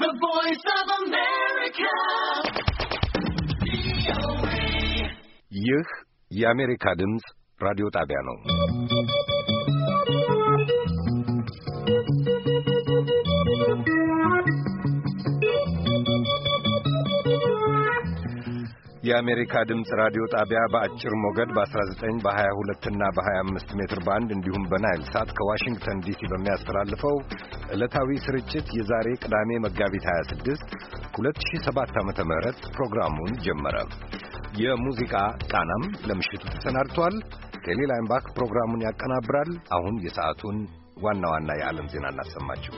The voice of America. ይህ የአሜሪካ ድምፅ ራዲዮ ጣቢያ ነው። Thank የአሜሪካ ድምፅ ራዲዮ ጣቢያ በአጭር ሞገድ በ19 በ22 እና በ25 ሜትር ባንድ እንዲሁም በናይል ሳት ከዋሽንግተን ዲሲ በሚያስተላልፈው ዕለታዊ ስርጭት የዛሬ ቅዳሜ መጋቢት 26 2007 ዓ ም ፕሮግራሙን ጀመረ። የሙዚቃ ቃናም ለምሽቱ ተሰናድቷል። ቴሌ ላይምባክ ፕሮግራሙን ያቀናብራል። አሁን የሰዓቱን ዋና ዋና የዓለም ዜና እናሰማችሁ።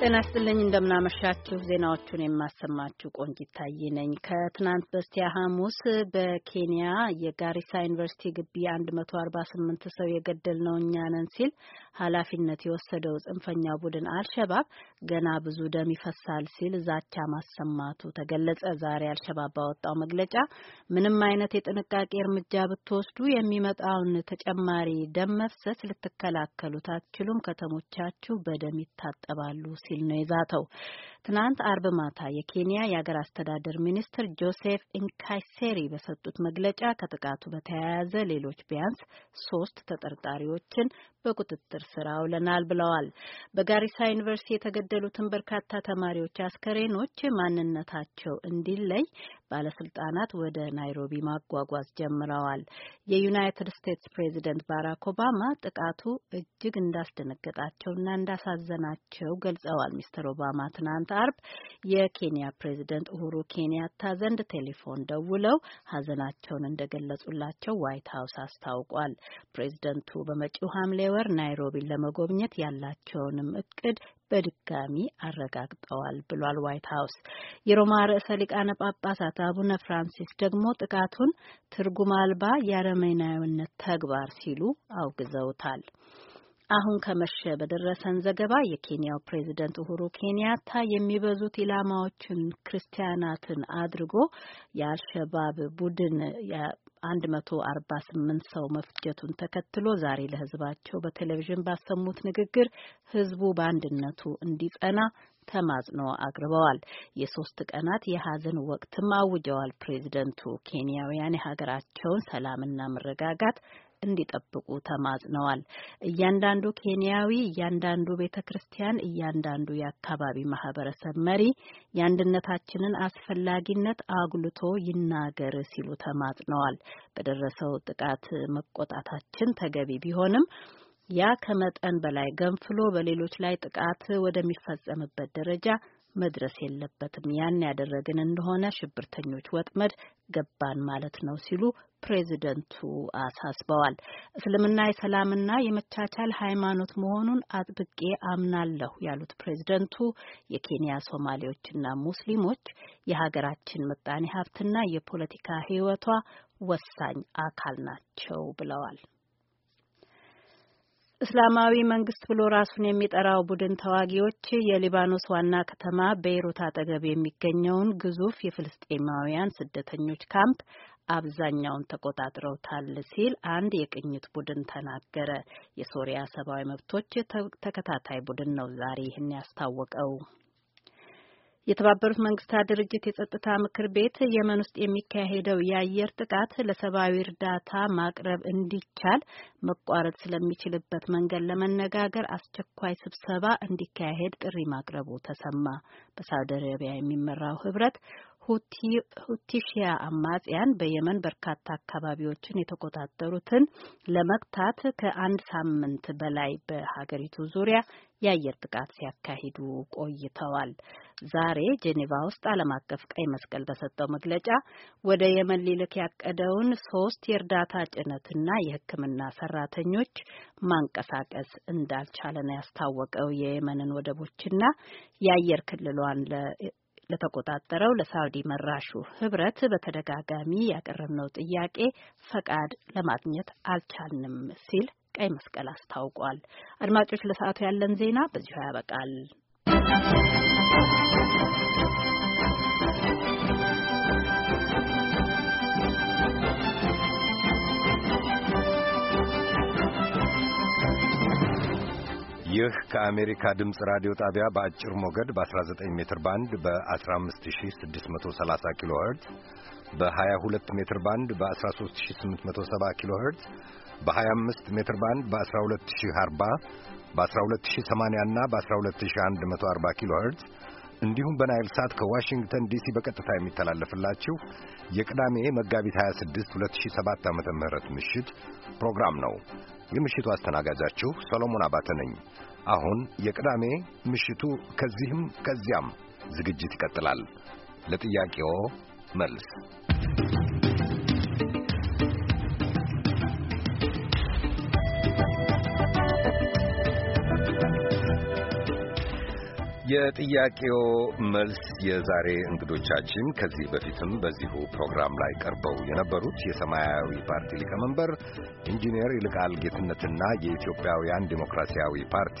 ጤና ይስጥልኝ። እንደምናመሻችሁ። ዜናዎቹን የማሰማችሁ ቆንጂት ታዬ ነኝ። ከትናንት በስቲያ ሐሙስ በኬንያ የጋሪሳ ዩኒቨርሲቲ ግቢ 148 ሰው የገደልነው እኛ ነን ሲል ኃላፊነት የወሰደው ጽንፈኛው ቡድን አልሸባብ ገና ብዙ ደም ይፈሳል ሲል ዛቻ ማሰማቱ ተገለጸ። ዛሬ አልሸባብ ባወጣው መግለጫ ምንም አይነት የጥንቃቄ እርምጃ ብትወስዱ የሚመጣውን ተጨማሪ ደም መፍሰስ ልትከላከሉት አትችሉም፣ ከተሞቻችሁ በደም ይታጠባሉ ሲል ነው የዛተው። ትናንት አርብ ማታ የኬንያ የአገር አስተዳደር ሚኒስትር ጆሴፍ ኢንካይሴሪ በሰጡት መግለጫ ከጥቃቱ በተያያዘ ሌሎች ቢያንስ ሶስት ተጠርጣሪዎችን በቁጥጥር ስር አውለናል ብለዋል። በጋሪሳ ዩኒቨርሲቲ የተገደሉትን በርካታ ተማሪዎች አስከሬኖች ማንነታቸው እንዲለይ ባለስልጣናት ወደ ናይሮቢ ማጓጓዝ ጀምረዋል። የዩናይትድ ስቴትስ ፕሬዚደንት ባራክ ኦባማ ጥቃቱ እጅግ እንዳስደነገጣቸውና እንዳሳዘናቸው ገልጸዋል። ሚስተር ኦባማ ትናንት ትናንት አርብ የኬንያ ፕሬዚደንት ኡሁሩ ኬንያታ ዘንድ ቴሌፎን ደውለው ሀዘናቸውን እንደገለጹላቸው ዋይት ሀውስ አስታውቋል። ፕሬዚደንቱ በመጪው ሐምሌ ወር ናይሮቢን ለመጎብኘት ያላቸውንም እቅድ በድጋሚ አረጋግጠዋል ብሏል ዋይት ሀውስ። የሮማ ርዕሰ ሊቃነ ጳጳሳት አቡነ ፍራንሲስ ደግሞ ጥቃቱን ትርጉም አልባ የአረመናዊነት ተግባር ሲሉ አውግዘውታል። አሁን ከመሸ በደረሰን ዘገባ የኬንያው ፕሬዚደንት ኡሁሩ ኬንያታ የሚበዙት ኢላማዎችን ክርስቲያናትን አድርጎ የአልሸባብ ቡድን አንድ መቶ አርባ ስምንት ሰው መፍጀቱን ተከትሎ ዛሬ ለህዝባቸው በቴሌቪዥን ባሰሙት ንግግር ሕዝቡ በአንድነቱ እንዲጸና ተማጽኖ አቅርበዋል። የሶስት ቀናት የሀዘን ወቅትም አውጀዋል። ፕሬዚደንቱ ኬንያውያን የሀገራቸውን ሰላምና መረጋጋት እንዲጠብቁ ተማጽነዋል። እያንዳንዱ ኬንያዊ፣ እያንዳንዱ ቤተ ክርስቲያን፣ እያንዳንዱ የአካባቢ ማህበረሰብ መሪ የአንድነታችንን አስፈላጊነት አጉልቶ ይናገር ሲሉ ተማጽነዋል። በደረሰው ጥቃት መቆጣታችን ተገቢ ቢሆንም ያ ከመጠን በላይ ገንፍሎ በሌሎች ላይ ጥቃት ወደሚፈጸምበት ደረጃ መድረስ የለበትም። ያን ያደረግን እንደሆነ ሽብርተኞች ወጥመድ ገባን ማለት ነው ሲሉ ፕሬዚደንቱ አሳስበዋል። እስልምና የሰላምና የመቻቻል ሃይማኖት መሆኑን አጥብቄ አምናለሁ ያሉት ፕሬዚደንቱ የኬንያ ሶማሌዎችና ሙስሊሞች የሀገራችን ምጣኔ ሀብትና የፖለቲካ ሕይወቷ ወሳኝ አካል ናቸው ብለዋል። እስላማዊ መንግስት ብሎ ራሱን የሚጠራው ቡድን ተዋጊዎች የሊባኖስ ዋና ከተማ ቤይሩት አጠገብ የሚገኘውን ግዙፍ የፍልስጤማውያን ስደተኞች ካምፕ አብዛኛውን ተቆጣጥረውታል ሲል አንድ የቅኝት ቡድን ተናገረ። የሶሪያ ሰብአዊ መብቶች ተከታታይ ቡድን ነው ዛሬ ይህን ያስታወቀው። የተባበሩት መንግስታት ድርጅት የጸጥታ ምክር ቤት የመን ውስጥ የሚካሄደው የአየር ጥቃት ለሰብአዊ እርዳታ ማቅረብ እንዲቻል መቋረጥ ስለሚችልበት መንገድ ለመነጋገር አስቸኳይ ስብሰባ እንዲካሄድ ጥሪ ማቅረቡ ተሰማ። በሳውዲ አረቢያ የሚመራው ህብረት ሁቲሺያ አማጽያን በየመን በርካታ አካባቢዎችን የተቆጣጠሩትን ለመግታት ከአንድ ሳምንት በላይ በሀገሪቱ ዙሪያ የአየር ጥቃት ሲያካሂዱ ቆይተዋል። ዛሬ ጄኔቫ ውስጥ ዓለም አቀፍ ቀይ መስቀል በሰጠው መግለጫ ወደ የመን ሊልክ ያቀደውን ሶስት የእርዳታ ጭነትና የሕክምና ሰራተኞች ማንቀሳቀስ እንዳልቻለ ነው ያስታወቀው። የየመንን ወደቦችና የአየር ክልሏን ለተቆጣጠረው ለሳውዲ መራሹ ህብረት በተደጋጋሚ ያቀረብነው ጥያቄ ፈቃድ ለማግኘት አልቻልንም ሲል ቀይ መስቀል አስታውቋል። አድማጮች፣ ለሰዓቱ ያለን ዜና በዚሁ ያበቃል። ይህ ከአሜሪካ ድምፅ ራዲዮ ጣቢያ በአጭር ሞገድ በ19 ሜትር ባንድ በ15630 ኪሎ ሄርትዝ በ22 ሜትር ባንድ በ13870 ኪሎ ሄርትዝ በ25 ሜትር ባንድ በ12040 በ12080 እና በ12140 ኪሎ ሄርትዝ እንዲሁም በናይል ሳት ከዋሽንግተን ዲሲ በቀጥታ የሚተላለፍላችሁ የቅዳሜ መጋቢት 26 2007 ዓ.ም ምሽት ፕሮግራም ነው። የምሽቱ አስተናጋጃችሁ ሰሎሞን አባተ ነኝ። አሁን የቅዳሜ ምሽቱ ከዚህም ከዚያም ዝግጅት ይቀጥላል። ለጥያቄዎ መልስ የጥያቄው መልስ የዛሬ እንግዶቻችን ከዚህ በፊትም በዚሁ ፕሮግራም ላይ ቀርበው የነበሩት የሰማያዊ ፓርቲ ሊቀመንበር ኢንጂነር ይልቃል ጌትነትና የኢትዮጵያውያን ዲሞክራሲያዊ ፓርቲ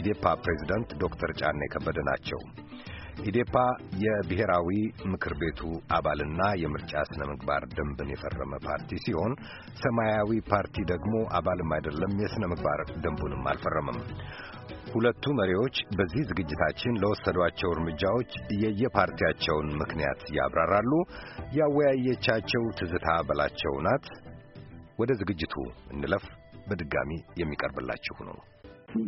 ኢዴፓ ፕሬዝዳንት ዶክተር ጫኔ ከበደ ናቸው። ኢዴፓ የብሔራዊ ምክር ቤቱ አባልና የምርጫ ስነ ምግባር ደንብን የፈረመ ፓርቲ ሲሆን ሰማያዊ ፓርቲ ደግሞ አባልም አይደለም፣ የስነ ምግባር ደንቡንም አልፈረምም። ሁለቱ መሪዎች በዚህ ዝግጅታችን ለወሰዷቸው እርምጃዎች የየፓርቲያቸውን ምክንያት ያብራራሉ። ያወያየቻቸው ትዝታ በላቸው ናት። ወደ ዝግጅቱ እንለፍ። በድጋሚ የሚቀርብላችሁ ነው።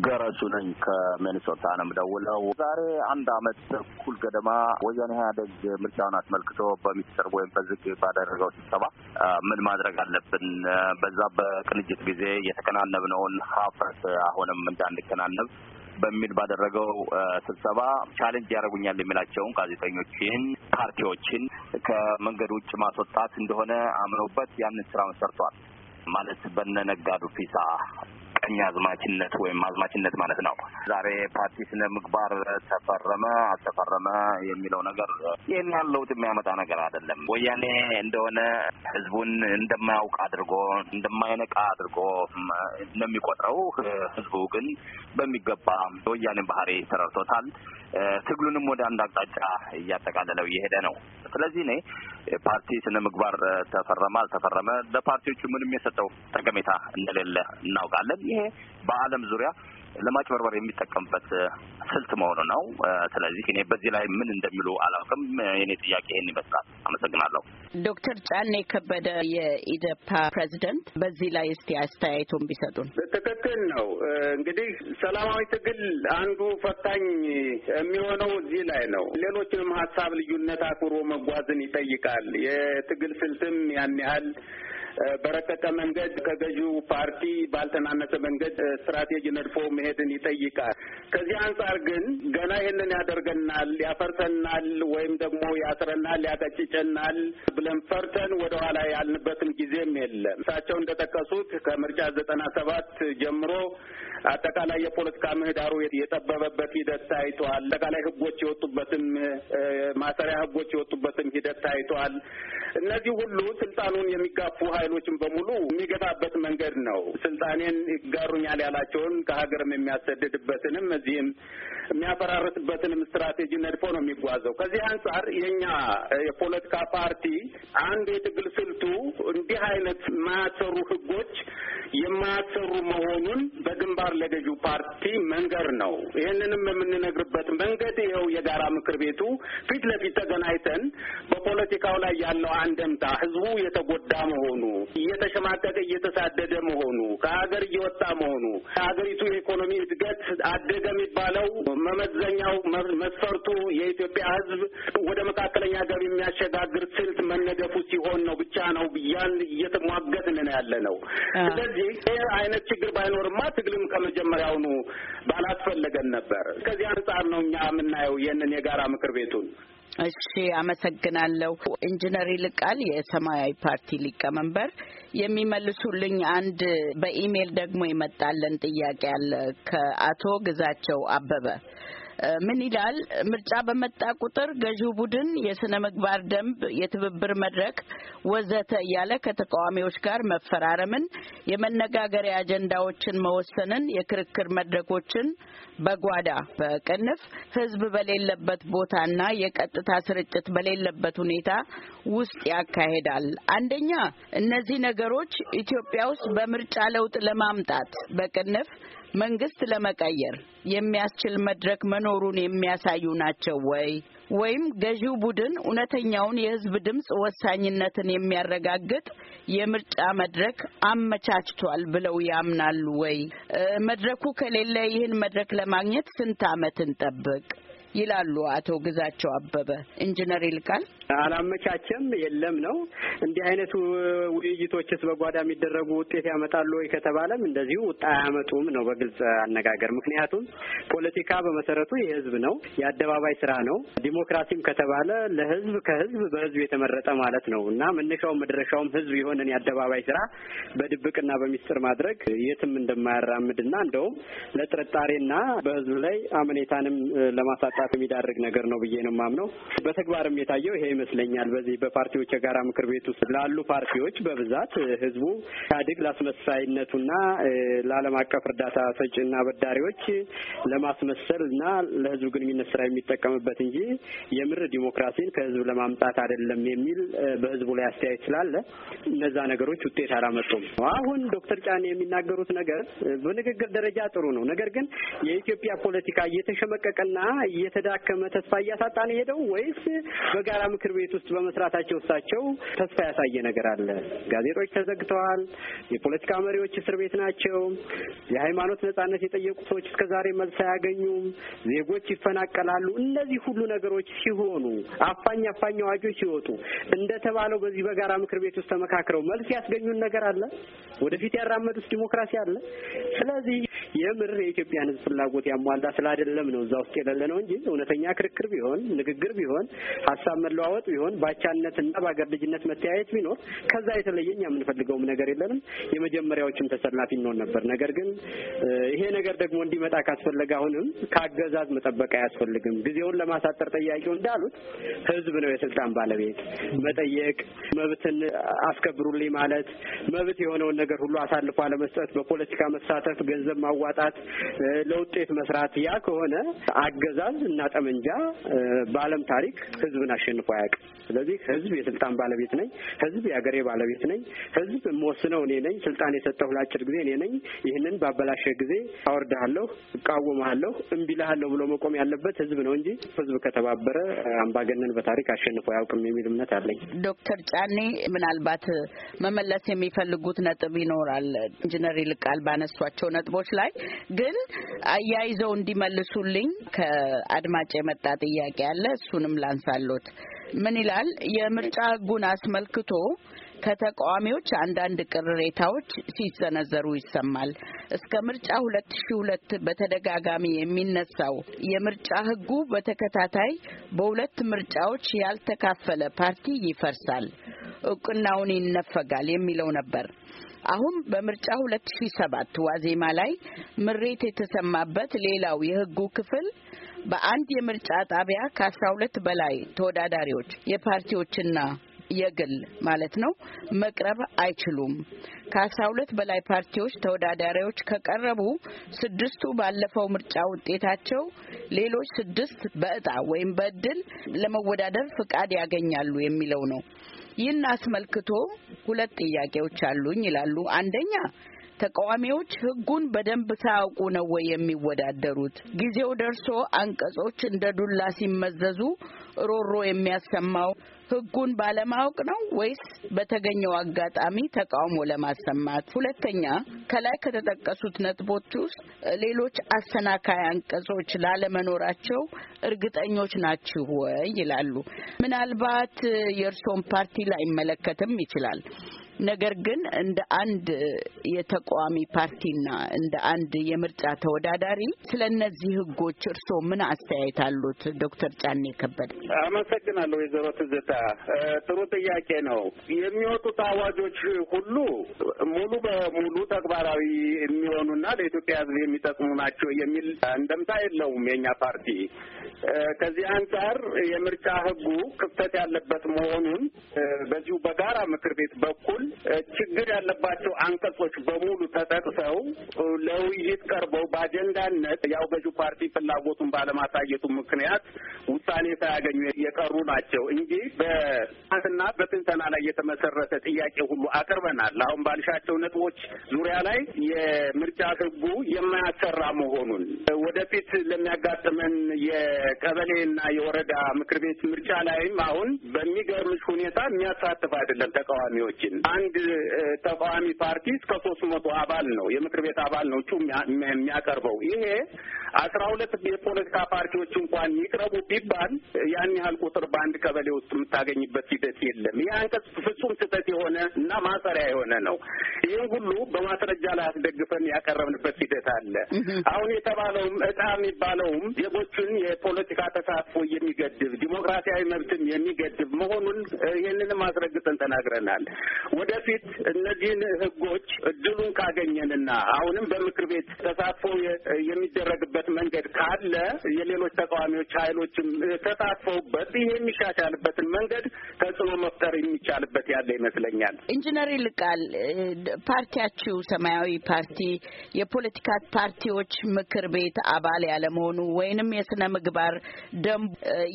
ገረሱ ነኝ ከሚኒሶታ ነው የምደውለው። ዛሬ አንድ አመት ተኩል ገደማ ወያኔ ኢህአዴግ ምርጫውን አስመልክቶ በሚስጥር ወይም በዝግ ባደረገው ስብሰባ ምን ማድረግ አለብን፣ በዛ በቅንጅት ጊዜ የተከናነብነውን ሀፍረት አሁንም እንዳንከናነብ በሚል ባደረገው ስብሰባ ቻሌንጅ ያደረጉኛል የሚላቸውን ጋዜጠኞችን፣ ፓርቲዎችን ከመንገድ ውጭ ማስወጣት እንደሆነ አምኖበት ያንን ስራውን ሰርቷል። ማለት በነነጋዱ ፊሳ ቀኝ አዝማችነት ወይም አዝማችነት ማለት ነው። ዛሬ ፓርቲ ስነ ምግባር ተፈረመ አልተፈረመ የሚለው ነገር ይህን ያህል ለውጥ የሚያመጣ ነገር አይደለም። ወያኔ እንደሆነ ህዝቡን እንደማያውቅ አድርጎ እንደማይነቃ አድርጎ ነው የሚቆጥረው። ህዝቡ ግን በሚገባ ወያኔ ባህሪ ተረድቶታል። ትግሉንም ወደ አንድ አቅጣጫ እያጠቃለለው እየሄደ ነው። ስለዚህ እኔ ፓርቲ ስነ ምግባር ተፈረመ አልተፈረመ ለፓርቲዎቹ ምንም የሰጠው ጠቀሜታ እንደሌለ እናውቃለን። ይሄ በዓለም ዙሪያ ለማጭበርበር የሚጠቀምበት ስልት መሆኑ ነው። ስለዚህ እኔ በዚህ ላይ ምን እንደሚሉ አላውቅም። የኔ ጥያቄ ይህን ይመስላል። አመሰግናለሁ። ዶክተር ጫኔ ከበደ የኢዴፓ ፕሬዚደንት፣ በዚህ ላይ እስቲ አስተያየቱን ቢሰጡን። ትክክል ነው። እንግዲህ ሰላማዊ ትግል አንዱ ፈታኝ የሚሆነው እዚህ ላይ ነው። ሌሎችንም ሀሳብ ልዩነት አክብሮ መጓዝን ይጠይቃል። የትግል ስልትም ያን ያህል በረቀቀ መንገድ ከገዢው ፓርቲ ባልተናነሰ መንገድ ስትራቴጂ ነድፎ መሄድን ይጠይቃል። ከዚህ አንጻር ግን ገና ይህንን ያደርገናል፣ ያፈርሰናል፣ ወይም ደግሞ ያስረናል፣ ያቀጭጨናል ብለን ፈርተን ወደ ኋላ ያልንበትም ጊዜም የለም። እሳቸው እንደጠቀሱት ከምርጫ ዘጠና ሰባት ጀምሮ አጠቃላይ የፖለቲካ ምህዳሩ የጠበበበት ሂደት ታይቷል። አጠቃላይ ህጎች የወጡበትም ማሰሪያ ህጎች የወጡበትም ሂደት ታይቷል። እነዚህ ሁሉ ስልጣኑን የሚጋፉ ኃይሎችን በሙሉ የሚገታበት መንገድ ነው። ስልጣኔን ይጋሩኛል ያላቸውን ከሀገርም የሚያሰድድበትንም እዚህም የሚያፈራርስበትንም ስትራቴጂ ነድፎ ነው የሚጓዘው። ከዚህ አንጻር የኛ የፖለቲካ ፓርቲ አንዱ የትግል ስልቱ እንዲህ አይነት የማያሰሩ ህጎች የማያሰሩ መሆኑን በግንባር ለገዢው ፓርቲ መንገር ነው። ይህንንም የምንነግርበት መንገድ ይኸው የጋራ ምክር ቤቱ ፊት ለፊት ተገናኝተን በፖለቲካው ላይ ያለው አንደምታ ህዝቡ የተጎዳ መሆኑ እየተሸማቀቀ እየተሳደደ መሆኑ፣ ከሀገር እየወጣ መሆኑ፣ ሀገሪቱ የኢኮኖሚ እድገት አደገ የሚባለው መመዘኛው መስፈርቱ የኢትዮጵያ ሕዝብ ወደ መካከለኛ ገቢ የሚያሸጋግር ስልት መነደፉ ሲሆን ነው ብቻ ነው ብያን እየተሟገትን ነው ያለ ነው። ስለዚህ ይህ አይነት ችግር ባይኖርማ ትግልም ከመጀመሪያውኑ ባላስፈለገን ነበር። ከዚህ አንጻር ነው እኛ የምናየው ይህንን የጋራ ምክር ቤቱን እሺ፣ አመሰግናለሁ ኢንጂነር ይልቃል የሰማያዊ ፓርቲ ሊቀመንበር። የሚመልሱልኝ አንድ በኢሜል ደግሞ ይመጣለን ጥያቄ አለ ከአቶ ግዛቸው አበበ ምን ይላል? ምርጫ በመጣ ቁጥር ገዢው ቡድን የስነ ምግባር ደንብ፣ የትብብር መድረክ ወዘተ እያለ ከተቃዋሚዎች ጋር መፈራረምን፣ የመነጋገሪያ አጀንዳዎችን መወሰንን፣ የክርክር መድረኮችን በጓዳ በቅንፍ ህዝብ በሌለበት ቦታና የቀጥታ ስርጭት በሌለበት ሁኔታ ውስጥ ያካሄዳል። አንደኛ እነዚህ ነገሮች ኢትዮጵያ ውስጥ በምርጫ ለውጥ ለማምጣት በቅንፍ መንግስት ለመቀየር የሚያስችል መድረክ መኖሩን የሚያሳዩ ናቸው ወይ? ወይም ገዢው ቡድን እውነተኛውን የህዝብ ድምፅ ወሳኝነትን የሚያረጋግጥ የምርጫ መድረክ አመቻችቷል ብለው ያምናሉ ወይ? መድረኩ ከሌለ ይህን መድረክ ለማግኘት ስንት ዓመት እንጠብቅ? ይላሉ አቶ ግዛቸው አበበ። ኢንጂነር ይልቃል አላመቻቸም የለም ነው። እንዲህ አይነት ውይይቶችስ በጓዳ የሚደረጉ ውጤት ያመጣሉ ወይ ከተባለም እንደዚሁ ውጣ አያመጡም ነው በግልጽ አነጋገር። ምክንያቱም ፖለቲካ በመሰረቱ የህዝብ ነው፣ የአደባባይ ስራ ነው። ዲሞክራሲም ከተባለ ለህዝብ ከህዝብ በህዝብ የተመረጠ ማለት ነው እና መነሻውም መድረሻውም ህዝብ የሆነን የአደባባይ ስራ በድብቅና በሚስጥር ማድረግ የትም እንደማያራምድና እንደውም ለጥርጣሬና በህዝብ ላይ አመኔታንም ለማሳጣት የሚዳርግ ነገር ነው ብዬ ነው የማምነው። በተግባርም የታየው ይሄ ይመስለኛል። በዚህ በፓርቲዎች የጋራ ምክር ቤት ውስጥ ላሉ ፓርቲዎች በብዛት ህዝቡ ኢህአዴግ ላስመሳይነቱና ለዓለም አቀፍ እርዳታ ሰጪና በዳሪዎች ለማስመሰል እና ለህዝብ ግንኙነት ስራ የሚጠቀምበት እንጂ የምር ዲሞክራሲን ከህዝብ ለማምጣት አይደለም የሚል በህዝቡ ላይ አስተያየት ስላለ እነዛ ነገሮች ውጤት አላመጡም። አሁን ዶክተር ጫኔ የሚናገሩት ነገር በንግግር ደረጃ ጥሩ ነው። ነገር ግን የኢትዮጵያ ፖለቲካ እየተሸመቀቀና እየተዳከመ ተስፋ እያሳጣን ሄደው ወይስ በጋራ ምክር ምክር ቤት ውስጥ በመስራታቸው እሳቸው ተስፋ ያሳየ ነገር አለ። ጋዜጦች ተዘግተዋል። የፖለቲካ መሪዎች እስር ቤት ናቸው። የሃይማኖት ነጻነት የጠየቁ ሰዎች እስከ ዛሬ መልስ አያገኙም። ዜጎች ይፈናቀላሉ። እነዚህ ሁሉ ነገሮች ሲሆኑ አፋኝ አፋኝ አዋጆች ሲወጡ እንደተባለው በዚህ በጋራ ምክር ቤት ውስጥ ተመካክረው መልስ ያስገኙን ነገር አለ። ወደፊት ያራመዱት ዲሞክራሲ አለ። ስለዚህ የምር የኢትዮጵያን ሕዝብ ፍላጎት ያሟላ ስላይደለም ነው እዛ ውስጥ የሌለ ነው እንጂ እውነተኛ ክርክር ቢሆን ንግግር ቢሆን ሀሳብ መለዋወ መለዋወጥ ቢሆን በአቻነትና በአገር ልጅነት መተያየት ቢኖር ከዛ የተለየ እኛ የምንፈልገውም ነገር የለንም። የመጀመሪያዎችም ተሰላፊ እንሆን ነበር። ነገር ግን ይሄ ነገር ደግሞ እንዲመጣ ካስፈለገ አሁንም ከአገዛዝ መጠበቅ አያስፈልግም። ጊዜውን ለማሳጠር ጠያቂው እንዳሉት ህዝብ ነው የስልጣን ባለቤት። መጠየቅ፣ መብትን አስከብሩልኝ ማለት፣ መብት የሆነውን ነገር ሁሉ አሳልፎ አለመስጠት፣ በፖለቲካ መሳተፍ፣ ገንዘብ ማዋጣት፣ ለውጤት መስራት ያ ከሆነ አገዛዝ እና ጠመንጃ በዓለም ታሪክ ህዝብን አሸንፎ አያውቅም። ስለዚህ ህዝብ የስልጣን ባለቤት ነኝ፣ ህዝብ የአገሬ ባለቤት ነኝ፣ ህዝብ የምወስነው እኔ ነኝ፣ ስልጣን የሰጠሁ ለአጭር ጊዜ እኔ ነኝ። ይህንን ባበላሸ ጊዜ አወርድሃለሁ፣ እቃወመሃለሁ፣ እምቢልሃለሁ ብሎ መቆም ያለበት ህዝብ ነው እንጂ ህዝብ ከተባበረ አምባገነን በታሪክ አሸንፎ አያውቅም የሚል እምነት አለኝ። ዶክተር ጫኔ ምናልባት መመለስ የሚፈልጉት ነጥብ ይኖራል ኢንጂነር ይልቃል ባነሷቸው ነጥቦች ላይ ግን አያይዘው እንዲመልሱልኝ ከአድማጭ የመጣ ጥያቄ አለ። እሱንም ላንሳሎት። ምን ይላል? የምርጫ ህጉን አስመልክቶ ከተቃዋሚዎች አንዳንድ ቅሬታዎች ሲሰነዘሩ ይሰማል። እስከ ምርጫ 2002 በተደጋጋሚ የሚነሳው የምርጫ ህጉ በተከታታይ በሁለት ምርጫዎች ያልተካፈለ ፓርቲ ይፈርሳል፣ እውቅናውን ይነፈጋል የሚለው ነበር። አሁን በምርጫ 2007 ዋዜማ ላይ ምሬት የተሰማበት ሌላው የህጉ ክፍል በአንድ የምርጫ ጣቢያ ከአስራ ሁለት በላይ ተወዳዳሪዎች የፓርቲዎችና የግል ማለት ነው መቅረብ አይችሉም። ከአስራ ሁለት በላይ ፓርቲዎች ተወዳዳሪዎች ከቀረቡ ስድስቱ ባለፈው ምርጫ ውጤታቸው፣ ሌሎች ስድስት በእጣ ወይም በእድል ለመወዳደር ፍቃድ ያገኛሉ የሚለው ነው። ይህን አስመልክቶ ሁለት ጥያቄዎች አሉኝ ይላሉ። አንደኛ ተቃዋሚዎች ህጉን በደንብ ሳያውቁ ነው ወይ የሚወዳደሩት? ጊዜው ደርሶ አንቀጾች እንደ ዱላ ሲመዘዙ ሮሮ የሚያሰማው ህጉን ባለማወቅ ነው ወይስ በተገኘው አጋጣሚ ተቃውሞ ለማሰማት? ሁለተኛ ከላይ ከተጠቀሱት ነጥቦች ውስጥ ሌሎች አሰናካይ አንቀጾች ላለመኖራቸው እርግጠኞች ናችሁ ወይ ይላሉ። ምናልባት የእርሶን ፓርቲ ላይመለከትም ይችላል። ነገር ግን እንደ አንድ የተቃዋሚ ፓርቲና እንደ አንድ የምርጫ ተወዳዳሪ ስለ እነዚህ ህጎች እርስዎ ምን አስተያየት አሉት? ዶክተር ጫኔ ከበደ። አመሰግናለሁ ወይዘሮ ትዝታ። ጥሩ ጥያቄ ነው። የሚወጡት አዋጆች ሁሉ ሙሉ በሙሉ ተግባራዊ የሚሆኑና ለኢትዮጵያ ህዝብ የሚጠቅሙ ናቸው የሚል እንደምታ የለውም የእኛ ፓርቲ። ከዚህ አንጻር የምርጫ ህጉ ክፍተት ያለበት መሆኑን በዚሁ በጋራ ምክር ቤት በኩል በኩል ችግር ያለባቸው አንቀጾች በሙሉ ተጠቅሰው ለውይይት ቀርበው በአጀንዳነት ያው በዙ ፓርቲ ፍላጎቱን ባለማሳየቱ ምክንያት ውሳኔ ሳያገኙ የቀሩ ናቸው እንጂ በትና በትንተና ላይ የተመሰረተ ጥያቄ ሁሉ አቅርበናል። አሁን ባልሻቸው ነጥቦች ዙሪያ ላይ የምርጫ ህጉ የማያሰራ መሆኑን ወደፊት ለሚያጋጥመን የቀበሌና የወረዳ ምክር ቤት ምርጫ ላይም አሁን በሚገርምሽ ሁኔታ የሚያሳትፍ አይደለም ተቃዋሚዎችን አንድ ተቃዋሚ ፓርቲ እስከ ሶስት መቶ አባል ነው የምክር ቤት አባል ነው እጩ የሚያቀርበው። ይሄ አስራ ሁለት የፖለቲካ ፓርቲዎች እንኳን ይቅረቡ ቢባል ያን ያህል ቁጥር በአንድ ቀበሌ ውስጥ የምታገኝበት ሂደት የለም። ይህ አንቀጽ ፍጹም ስህተት የሆነ እና ማሰሪያ የሆነ ነው። ይህም ሁሉ በማስረጃ ላይ አስደግፈን ያቀረብንበት ሂደት አለ። አሁን የተባለውም እጣ የሚባለውም ዜጎችን የፖለቲካ ተሳትፎ የሚገድብ ዲሞክራሲያዊ መብትም የሚገድብ መሆኑን ይህንንም አስረግጠን ተናግረናል። ወደፊት እነዚህን ህጎች እድሉን ካገኘንና አሁንም በምክር ቤት ተሳትፎ የሚደረግበት የሚቻልበት መንገድ ካለ የሌሎች ተቃዋሚዎች ኃይሎችም ተሳትፈውበት ይሄ የሚሻሻልበትን መንገድ ተጽዕኖ መፍጠር የሚቻልበት ያለ ይመስለኛል። ኢንጂነር ይልቃል ፓርቲያችሁ ሰማያዊ ፓርቲ የፖለቲካ ፓርቲዎች ምክር ቤት አባል ያለመሆኑ ወይንም የስነ ምግባር ደንብ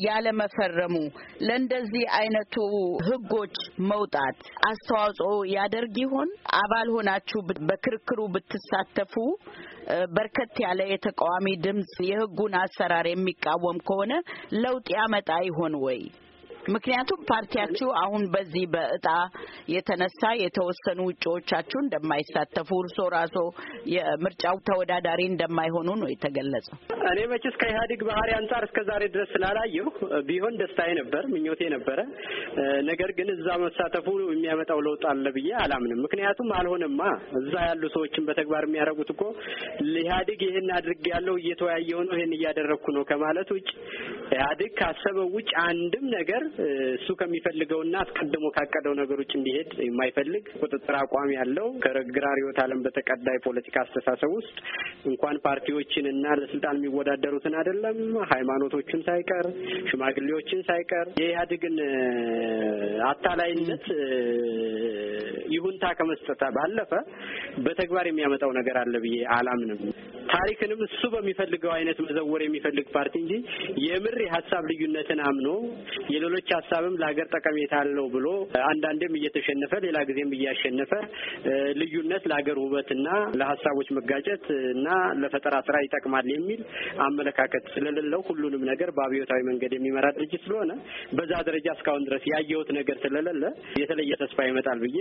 ያለመፈረሙ ለእንደዚህ አይነቱ ህጎች መውጣት አስተዋጽኦ ያደርግ ይሆን? አባል ሆናችሁ በክርክሩ ብትሳተፉ በርከት ያለ የተቃዋሚ ድምፅ የህጉን አሰራር የሚቃወም ከሆነ ለውጥ ያመጣ ይሆን ወይ? ምክንያቱም ፓርቲያችሁ አሁን በዚህ በእጣ የተነሳ የተወሰኑ ውጭዎቻችሁ እንደማይሳተፉ እርሶ ራሶ የምርጫው ተወዳዳሪ እንደማይሆኑ ነው የተገለጸው። እኔ መቼስ ከኢህአዴግ ባህሪ አንጻር እስከ ዛሬ ድረስ ስላላየሁ ቢሆን ደስታዬ ነበር፣ ምኞቴ ነበረ። ነገር ግን እዛ መሳተፉ የሚያመጣው ለውጥ አለ ብዬ አላምንም። ምክንያቱም አልሆነማ እዛ ያሉ ሰዎችን በተግባር የሚያደርጉት እኮ ኢህአዴግ ይህን ያለው እየተወያየው ነው ይህን እያደረግኩ ነው ከማለት ውጭ ኢህአዴግ ካሰበው ውጭ አንድም ነገር እሱ ከሚፈልገውና አስቀድሞ ካቀደው ነገር ውጭ እንዲሄድ የማይፈልግ ቁጥጥር አቋም ያለው ከግራር ህይወት ዓለም በተቀዳ የፖለቲካ አስተሳሰብ ውስጥ እንኳን ፓርቲዎችን እና ለስልጣን የሚወዳደሩትን አይደለም ሃይማኖቶችን ሳይቀር ሽማግሌዎችን ሳይቀር የኢህአዴግን አታላይነት ይሁንታ ከመስጠት ባለፈ በተግባር የሚያመጣው ነገር አለ ብዬ አላምንም። ታሪክንም እሱ በሚፈልገው አይነት መዘወር የሚፈልግ ፓርቲ እንጂ የምር የሀሳብ ልዩነትን አምኖ የሌሎች ሀሳብም ለሀገር ጠቀሜታ አለው ብሎ አንዳንዴም እየተሸነፈ ሌላ ጊዜም እያሸነፈ ልዩነት ለሀገር ውበትና ለሀሳቦች መጋጨት እና ለፈጠራ ስራ ይጠቅማል የሚል አመለካከት ስለሌለው ሁሉንም ነገር በአብዮታዊ መንገድ የሚመራ ድርጅት ስለሆነ በዛ ደረጃ እስካሁን ድረስ ያየሁት ነገር ስለሌለ የተለየ ተስፋ ይመጣል ብዬ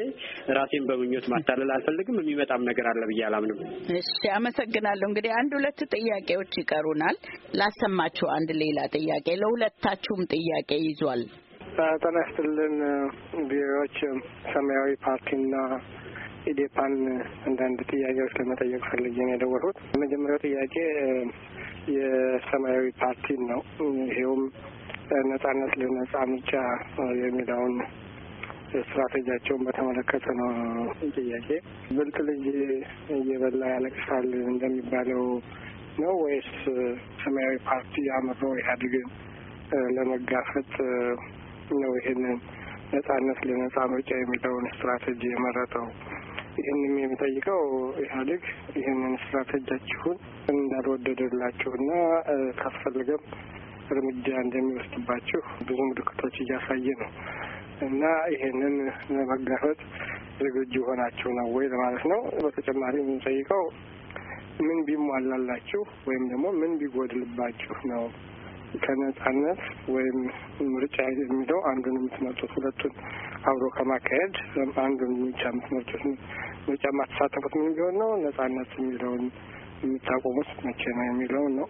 ራሴን በምኞት ማታለል አልፈልግም። የሚመጣም ነገር አለ ብዬ አላምንም። እሺ፣ አመሰግናለሁ። እንግዲህ አንድ ሁለት ጥያቄዎች ይቀሩናል። ላሰማችሁ አንድ ሌላ ጥያቄ ጥያቄ ለሁለታችሁም ጥያቄ ይዟል። ጤና ይስጥልን ቢሮዎች ሰማያዊ ፓርቲና ኢዴፓን አንዳንድ ጥያቄዎች ለመጠየቅ ፈልጌ ነው የደወልኩት። የመጀመሪያው ጥያቄ የሰማያዊ ፓርቲን ነው። ይሄውም ነጻነት ለነጻ ምርጫ የሚለውን ስትራቴጂያቸውን በተመለከተ ነው ጥያቄ። ብልጥ ልጅ እየበላ ያለቅሳል እንደሚባለው ነው ወይስ ሰማያዊ ፓርቲ አምሮ ኢህአዴግን ለመጋፈጥ ነው ይህንን ነጻነት ለነጻ ምርጫ የሚለውን ስትራቴጂ የመረጠው? ይህንም የሚጠይቀው ኢህአዴግ ይህንን ስትራቴጂያችሁን እና ካስፈልገም እርምጃ እንደሚወስድባችሁ ብዙ ምልክቶች እያሳየ ነው እና ይሄንን ለመጋፈጥ ዝግጁ ሆናችሁ ነው ወይ ለማለት ነው። በተጨማሪ የምንጠይቀው ምን ቢሟላላችሁ ወይም ደግሞ ምን ቢጎድልባችሁ ነው ከነጻነት ወይም ምርጫ የሚለው አንዱን የምትመርጡት? ሁለቱን አብሮ ከማካሄድ አንዱን ምርጫ የምትመርጡት ምርጫ የማትሳተፉት ምን ቢሆን ነው? ነጻነት የሚለውን የምታቆሙት መቼ ነው የሚለውን ነው።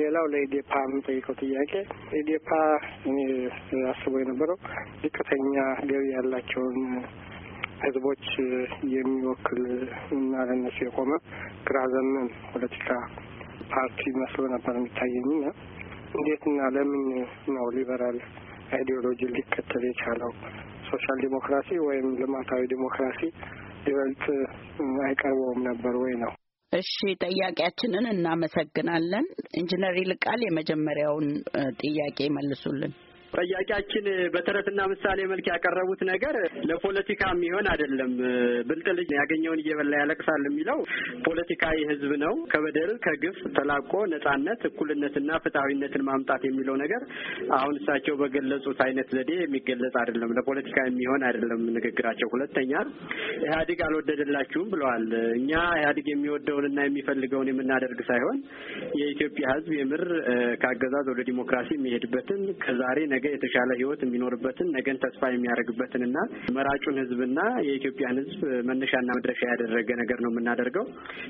ሌላው ለኢዴፓ የምንጠይቀው ጥያቄ ኢዴፓ እኔ አስቦ የነበረው ዝቅተኛ ገቢ ያላቸውን ህዝቦች የሚወክል እና ለነሱ የቆመ ግራ ዘመን ፖለቲካ ፓርቲ መስሎ ነበር እንዴት ና ለምን ነው ሊበራል አይዲዮሎጂ ሊከተል የቻለው? ሶሻል ዲሞክራሲ ወይም ልማታዊ ዲሞክራሲ ሊበልጥ አይቀርበውም ነበር ወይ ነው? እሺ፣ ጥያቄያችንን እናመሰግናለን። ኢንጂነር ይልቃል የመጀመሪያውን ጥያቄ መልሱልን? ጠያቂያችን በተረትና ምሳሌ መልክ ያቀረቡት ነገር ለፖለቲካ የሚሆን አይደለም። ብልጥ ልጅ ያገኘውን እየበላ ያለቅሳል የሚለው ፖለቲካዊ ህዝብ ነው። ከበደል ከግፍ ተላቆ ነጻነት፣ እኩልነትና ፍትሐዊነትን ማምጣት የሚለው ነገር አሁን እሳቸው በገለጹት አይነት ዘዴ የሚገለጽ አይደለም። ለፖለቲካ የሚሆን አይደለም ንግግራቸው። ሁለተኛ ኢህአዴግ አልወደደላችሁም ብለዋል። እኛ ኢህአዴግ የሚወደውንና የሚፈልገውን የምናደርግ ሳይሆን የኢትዮጵያ ህዝብ የምር ከአገዛዝ ወደ ዲሞክራሲ የሚሄድበትን ከዛሬ ነገ ነገ የተሻለ ህይወት የሚኖርበትን ነገን ተስፋ የሚያደርግበትንና መራጩን ህዝብና የኢትዮጵያን ህዝብ መነሻና መድረሻ ያደረገ ነገር ነው የምናደርገው።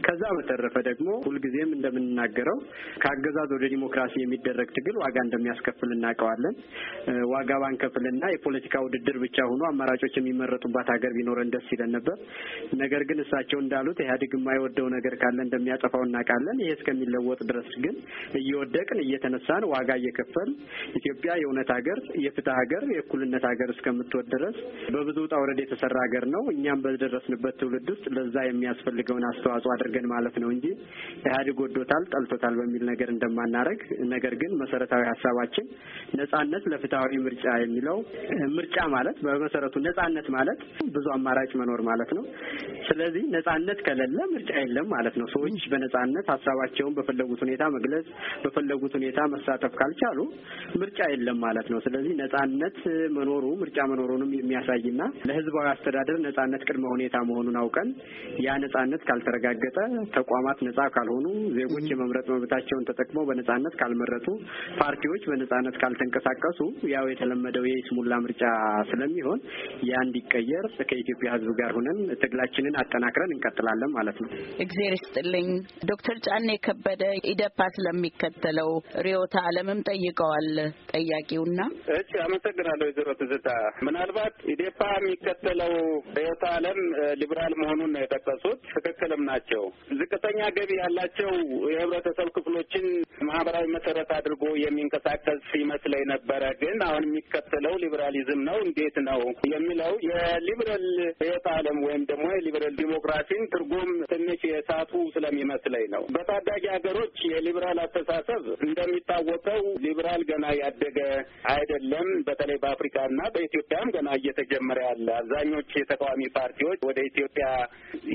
ከዛ በተረፈ ደግሞ ሁልጊዜም እንደምንናገረው ከአገዛዝ ወደ ዲሞክራሲ የሚደረግ ትግል ዋጋ እንደሚያስከፍል እናውቀዋለን። ዋጋ ባንከፍልና የፖለቲካ ውድድር ብቻ ሆኖ አማራጮች የሚመረጡባት ሀገር ቢኖረን ደስ ይለን ነበር። ነገር ግን እሳቸው እንዳሉት ኢህአዴግ የማይወደው ነገር ካለ እንደሚያጠፋው እናውቃለን። ይሄ እስከሚለወጥ ድረስ ግን እየወደቅን እየተነሳን ዋጋ እየከፈል ኢትዮጵያ የእውነት ሀገር የፍትህ ሀገር የእኩልነት ሀገር እስከምትወድ ድረስ በብዙ ውጣ ውረድ የተሰራ ሀገር ነው። እኛም በደረስንበት ትውልድ ውስጥ ለዛ የሚያስፈልገውን አስተዋጽኦ አድርገን ማለት ነው እንጂ ኢህአዴግ ወዶታል፣ ጠልቶታል በሚል ነገር እንደማናረግ ነገር ግን መሰረታዊ ሀሳባችን ነጻነት ለፍትሐዊ ምርጫ የሚለው ምርጫ ማለት በመሰረቱ ነጻነት ማለት ብዙ አማራጭ መኖር ማለት ነው። ስለዚህ ነጻነት ከሌለ ምርጫ የለም ማለት ነው። ሰዎች በነጻነት ሀሳባቸውን በፈለጉት ሁኔታ መግለጽ፣ በፈለጉት ሁኔታ መሳተፍ ካልቻሉ ምርጫ የለም ማለት ነው። ነው። ስለዚህ ነጻነት መኖሩ ምርጫ መኖሩንም የሚያሳይና ለህዝባዊ አስተዳደር ነጻነት ቅድመ ሁኔታ መሆኑን አውቀን ያ ነጻነት ካልተረጋገጠ፣ ተቋማት ነጻ ካልሆኑ፣ ዜጎች የመምረጥ መብታቸውን ተጠቅመው በነጻነት ካልመረጡ፣ ፓርቲዎች በነጻነት ካልተንቀሳቀሱ ያው የተለመደው የይስሙላ ምርጫ ስለሚሆን ያ እንዲቀየር ከኢትዮጵያ ህዝብ ጋር ሆነን ትግላችንን አጠናክረን እንቀጥላለን ማለት ነው። እግዜር ይስጥልኝ ዶክተር ጫኔ ከበደ ኢደፓ ስለሚከተለው ርዕዮተ ዓለምም ጠይቀዋል ጠያቂውና እሺ፣ አመሰግናለሁ ወይዘሮ ትዝታ። ምናልባት ኢዴፓ የሚከተለው ህይወት ዓለም ሊብራል መሆኑን ነው የጠቀሱት። ትክክልም ናቸው። ዝቅተኛ ገቢ ያላቸው የህብረተሰብ ክፍሎችን ማህበራዊ መሰረት አድርጎ የሚንቀሳቀስ ይመስለኝ ነበረ። ግን አሁን የሚከተለው ሊበራሊዝም ነው እንዴት ነው የሚለው የሊበራል ህይወት አለም ወይም ደግሞ የሊብራል ዲሞክራሲን ትርጉም ትንሽ የሳቱ ስለሚመስለኝ ነው። በታዳጊ ሀገሮች የሊበራል አስተሳሰብ እንደሚታወቀው ሊበራል ገና ያደገ አይደለም። በተለይ በአፍሪካና በኢትዮጵያም ገና እየተጀመረ ያለ አብዛኞቹ የተቃዋሚ ፓርቲዎች ወደ ኢትዮጵያ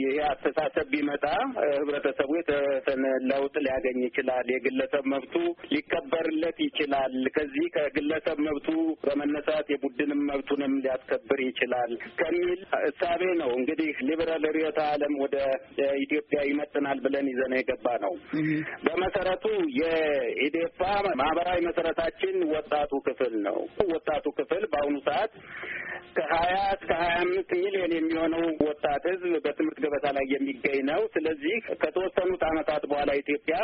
ይሄ አስተሳሰብ ቢመጣ ህብረተሰቡ የተወሰነ ለውጥ ሊያገኝ ይችላል። የግለሰብ መብቱ ሊከበርለት ይችላል። ከዚህ ከግለሰብ መብቱ በመነሳት የቡድንም መብቱንም ሊያስከብር ይችላል ከሚል እሳቤ ነው እንግዲህ ሊበራል ርዕዮተ ዓለም ወደ ኢትዮጵያ ይመጥናል ብለን ይዘን የገባ ነው። በመሰረቱ የኢዴፓ ማህበራዊ መሰረታችን ወጣቱ ክፍል ነው። ወጣቱ ክፍል በአሁኑ ሰዓት ከሀያ እስከ ሀያ አምስት ሚሊዮን የሚሆነው ወጣት ህዝብ በትምህርት ገበታ ላይ የሚገኝ ነው። ስለዚህ ከተወሰኑት ዓመታት በኋላ ኢትዮጵያ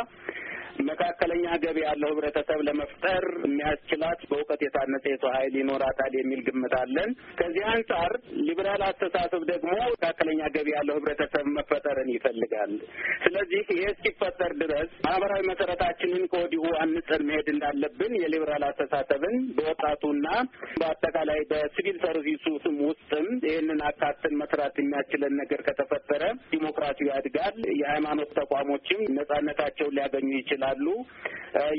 መካከለኛ ገቢ ያለው ህብረተሰብ ለመፍጠር የሚያስችላት በእውቀት የታነጸ የሰው ኃይል ይኖራታል የሚል ግምት አለን። ከዚህ አንጻር ሊበራል አስተሳሰብ ደግሞ መካከለኛ ገቢ ያለው ህብረተሰብ መፈጠርን ይፈልጋል። ስለዚህ ይሄ እስኪፈጠር ድረስ ማህበራዊ መሰረታችንን ከወዲሁ አንጸን መሄድ እንዳለብን የሊበራል አስተሳሰብን በወጣቱና በአጠቃላይ በሲቪል ሰርቪሱ ስም ውስጥም ይህንን አካትን መስራት የሚያስችለን ነገር ከተፈጠረ ዲሞክራሲው ያድጋል። የሃይማኖት ተቋሞችም ነጻነታቸውን ሊያገኙ ይችላሉ።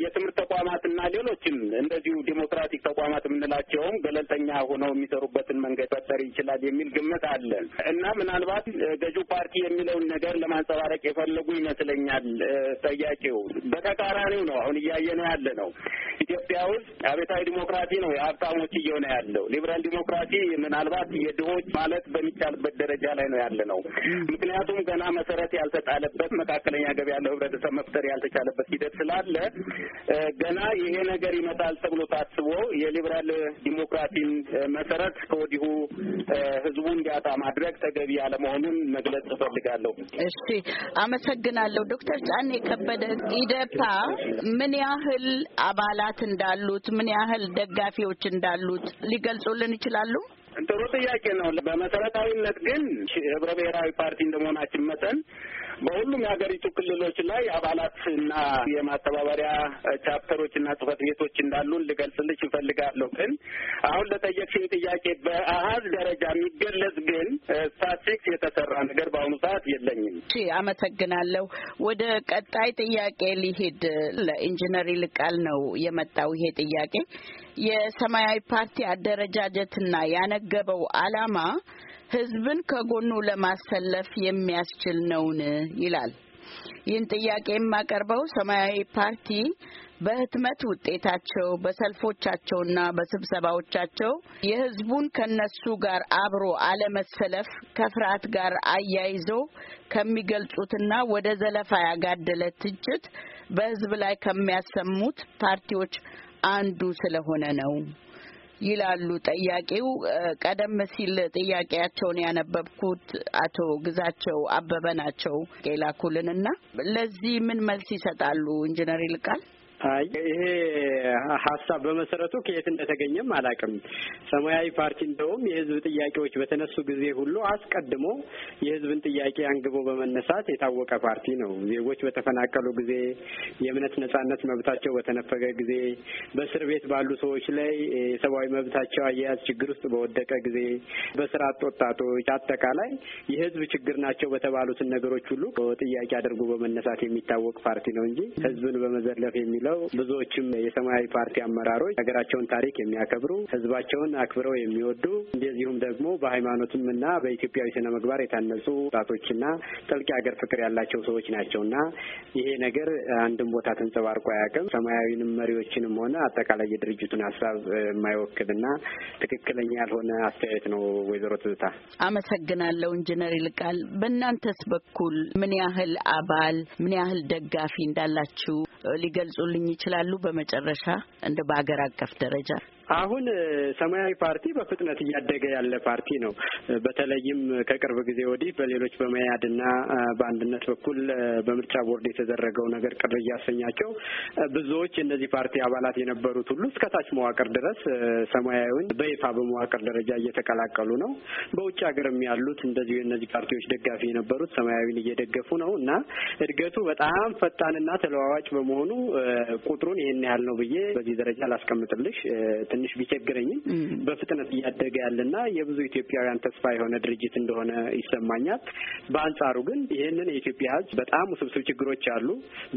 የትምህርት ተቋማትና ሌሎችም እንደዚሁ ዲሞክራቲክ ተቋማት የምንላቸውም ገለልተኛ ሆነው የሚሰሩበትን መንገድ ፈጠር ይችላል የሚል ግምት አለ እና ምናልባት ገዢው ፓርቲ የሚለውን ነገር ለማንጸባረቅ የፈለጉ ይመስለኛል ጠያቂው። በተቃራኒው ነው አሁን እያየነው ያለ ነው። ኢትዮጵያ ውስጥ አቤታዊ ዲሞክራሲ ነው የሀብታሞች እየሆነ ያለው። ሊበራል ዲሞክራሲ ምናልባት የድሆች ማለት በሚቻልበት ደረጃ ላይ ነው ያለ ነው። ምክንያቱም ገና መሰረት ያልተጣለበት መካከለኛ ገቢ ያለው ህብረተሰብ መፍጠር ያልተቻለበት ሂደት ስላለ ገና ይሄ ነገር ይመጣል ተብሎ ታስቦ የሊበራል ዲሞክራሲን መሰረት ከወዲሁ ህዝቡ እንዲያጣ ማድረግ ተገቢ ያለመሆኑን መግለጽ እፈልጋለሁ። እሺ፣ አመሰግናለሁ። ዶክተር ጫኔ ከበደ ኢደፓ ምን ያህል አባላት እንዳሉት ምን ያህል ደጋፊዎች እንዳሉት ሊገልጹልን ይችላሉ? ጥሩ ጥያቄ ነው። በመሰረታዊነት ግን ህብረ ብሔራዊ ፓርቲ እንደመሆናችን መጠን በሁሉም የሀገሪቱ ክልሎች ላይ አባላት እና የማስተባበሪያ ቻፕተሮች እና ጽህፈት ቤቶች እንዳሉን ልገልጽልሽ እንፈልጋለሁ። ግን አሁን ለጠየቅሽኝ ጥያቄ በአሀዝ ደረጃ የሚገለጽ ግን ስታቲስቲክስ የተሰራ ነገር በአሁኑ ሰዓት የለኝም። እሺ፣ አመሰግናለሁ። ወደ ቀጣይ ጥያቄ ሊሄድ ለኢንጂነር ይልቃል ነው የመጣው ይሄ ጥያቄ የሰማያዊ ፓርቲ አደረጃጀትና ያነገበው ዓላማ ህዝብን ከጎኑ ለማሰለፍ የሚያስችል ነውን ይላል። ይህን ጥያቄ የማቀርበው ሰማያዊ ፓርቲ በህትመት ውጤታቸው በሰልፎቻቸውና በስብሰባዎቻቸው የህዝቡን ከነሱ ጋር አብሮ አለመሰለፍ ከፍርሃት ጋር አያይዘው ከሚገልጹትና ወደ ዘለፋ ያጋደለ ትችት በህዝብ ላይ ከሚያሰሙት ፓርቲዎች አንዱ ስለሆነ ነው ይላሉ ጠያቂው። ቀደም ሲል ጥያቄያቸውን ያነበብኩት አቶ ግዛቸው አበበ ናቸው እና ለዚህ ምን መልስ ይሰጣሉ ኢንጂነር ይልቃል? አይ ይሄ ሀሳብ በመሰረቱ ከየት እንደተገኘም አላውቅም። ሰማያዊ ፓርቲ እንደውም የህዝብ ጥያቄዎች በተነሱ ጊዜ ሁሉ አስቀድሞ የህዝብን ጥያቄ አንግቦ በመነሳት የታወቀ ፓርቲ ነው። ዜጎች በተፈናቀሉ ጊዜ፣ የእምነት ነጻነት መብታቸው በተነፈገ ጊዜ፣ በእስር ቤት ባሉ ሰዎች ላይ የሰብአዊ መብታቸው አያያዝ ችግር ውስጥ በወደቀ ጊዜ፣ በስራ አጥ ወጣቶች፣ አጠቃላይ የህዝብ ችግር ናቸው በተባሉትን ነገሮች ሁሉ ጥያቄ አድርጎ በመነሳት የሚታወቅ ፓርቲ ነው እንጂ ህዝብን በመዘለፍ የሚሉ የሚለው ብዙዎችም የሰማያዊ ፓርቲ አመራሮች ሀገራቸውን ታሪክ የሚያከብሩ ህዝባቸውን አክብረው የሚወዱ እንደዚሁም ደግሞ በሃይማኖትም እና በኢትዮጵያዊ ስነ ምግባር የታነጹ ወጣቶችና ጥልቅ የሀገር ፍቅር ያላቸው ሰዎች ናቸው እና ይሄ ነገር አንድም ቦታ ተንጸባርቆ አያውቅም። ሰማያዊንም መሪዎችንም ሆነ አጠቃላይ የድርጅቱን ሀሳብ የማይወክልና ትክክለኛ ያልሆነ አስተያየት ነው። ወይዘሮ ትዝታ አመሰግናለሁ። ኢንጂነር ይልቃል በእናንተስ በኩል ምን ያህል አባል ምን ያህል ደጋፊ እንዳላችሁ ሊገልጹልኝ ይችላሉ? በመጨረሻ እንደ በሀገር አቀፍ ደረጃ አሁን ሰማያዊ ፓርቲ በፍጥነት እያደገ ያለ ፓርቲ ነው። በተለይም ከቅርብ ጊዜ ወዲህ በሌሎች በመያድና በአንድነት በኩል በምርጫ ቦርድ የተደረገው ነገር ቅር እያሰኛቸው ብዙዎች የእነዚህ ፓርቲ አባላት የነበሩት ሁሉ እስከታች መዋቅር ድረስ ሰማያዊን በይፋ በመዋቅር ደረጃ እየተቀላቀሉ ነው። በውጭ ሀገርም ያሉት እንደዚሁ የእነዚህ ፓርቲዎች ደጋፊ የነበሩት ሰማያዊን እየደገፉ ነው እና እድገቱ በጣም ፈጣንና ተለዋዋጭ በመሆኑ ቁጥሩን ይህን ያህል ነው ብዬ በዚህ ደረጃ ላስቀምጥልሽ ትንሽ ቢቸግረኝም በፍጥነት እያደገ ያለና የብዙ ኢትዮጵያውያን ተስፋ የሆነ ድርጅት እንደሆነ ይሰማኛል። በአንጻሩ ግን ይህንን የኢትዮጵያ ሕዝብ በጣም ውስብስብ ችግሮች አሉ፣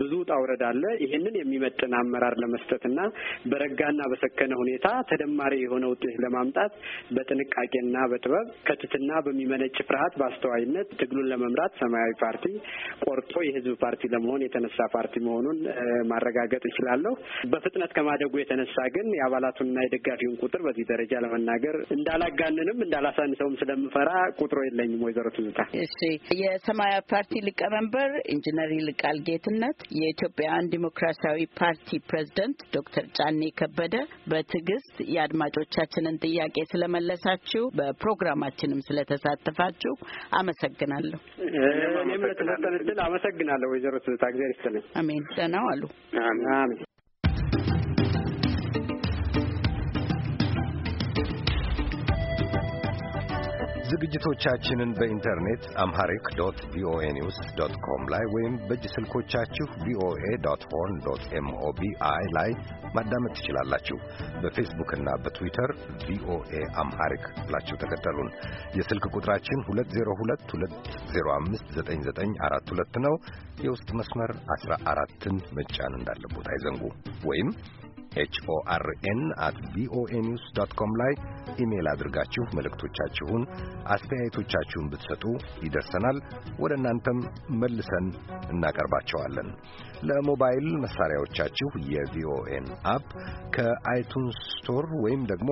ብዙ ውጣ ውረድ አለ። ይህንን የሚመጥን አመራር ለመስጠትና በረጋና በሰከነ ሁኔታ ተደማሪ የሆነ ውጤት ለማምጣት በጥንቃቄና በጥበብ ከትትና በሚመነጭ ፍርሃት በአስተዋይነት ትግሉን ለመምራት ሰማያዊ ፓርቲ ቆርጦ የህዝብ ፓርቲ ለመሆን የተነሳ ፓርቲ መሆኑን ማረጋገጥ እችላለሁ። በፍጥነት ከማደጉ የተነሳ ግን የአባላቱንና የደጋፊውን ቁጥር በዚህ ደረጃ ለመናገር እንዳላጋንንም እንዳላሳንሰውም ስለምፈራ ቁጥሮ የለኝም። ወይዘሮ ትዝታ እሺ። የሰማያዊ ፓርቲ ሊቀመንበር ኢንጂነር ይልቃል ጌትነት፣ የኢትዮጵያውያን ዲሞክራሲያዊ ፓርቲ ፕሬዝደንት ዶክተር ጫኔ ከበደ በትዕግስት የአድማጮቻችንን ጥያቄ ስለመለሳችሁ በፕሮግራማችንም ስለተሳተፋችሁ አመሰግናለሁ። እኔም ለተሰጠን እድል አመሰግናለሁ። ወይዘሮ ትዝታ እግዚአብሔር ይስጥልኝ። አሜን። ደህና ዋሉ። አሜን። ዝግጅቶቻችንን በኢንተርኔት አምሃሪክ ዶት ቪኦኤ ኒውስ ዶት ኮም ላይ ወይም በእጅ ስልኮቻችሁ ቪኦኤ ዶት ሆን ዶት ኤምኦቢአይ ላይ ማዳመጥ ትችላላችሁ። በፌስቡክና በትዊተር ቪኦኤ አምሃሪክ ብላችሁ ተከተሉን። የስልክ ቁጥራችን 2022059942 ነው። የውስጥ መስመር 14ን መጫን እንዳለቦት አይዘንጉ። ወይም ኤችኦአርኤን አት ቪኦኤ ኒውስ ዶት ኮም ላይ ኢሜይል አድርጋችሁ መልእክቶቻችሁን፣ አስተያየቶቻችሁን ብትሰጡ ይደርሰናል። ወደ እናንተም መልሰን እናቀርባቸዋለን። ለሞባይል መሳሪያዎቻችሁ የቪኦኤን አፕ ከአይቱንስ ስቶር ወይም ደግሞ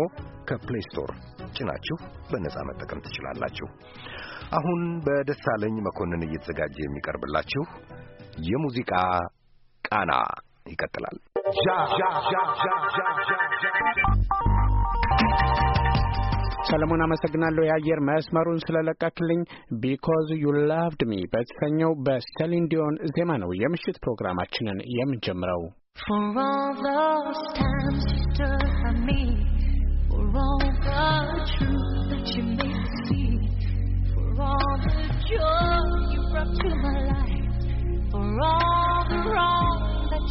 ከፕሌይ ስቶር ጭናችሁ በነጻ መጠቀም ትችላላችሁ። አሁን በደሳለኝ መኮንን እየተዘጋጀ የሚቀርብላችሁ የሙዚቃ ቃና ይቀጥላል። ሰለሞን አመሰግናለሁ የአየር መስመሩን ስለለቀክልኝ። ቢኮዝ ዩ ላቭድ ሚ በተሰኘው ዲዮን ዜማ ነው የምሽት ፕሮግራማችንን የምንጀምረው። you me, all the joy you brought to my life, for all the wrong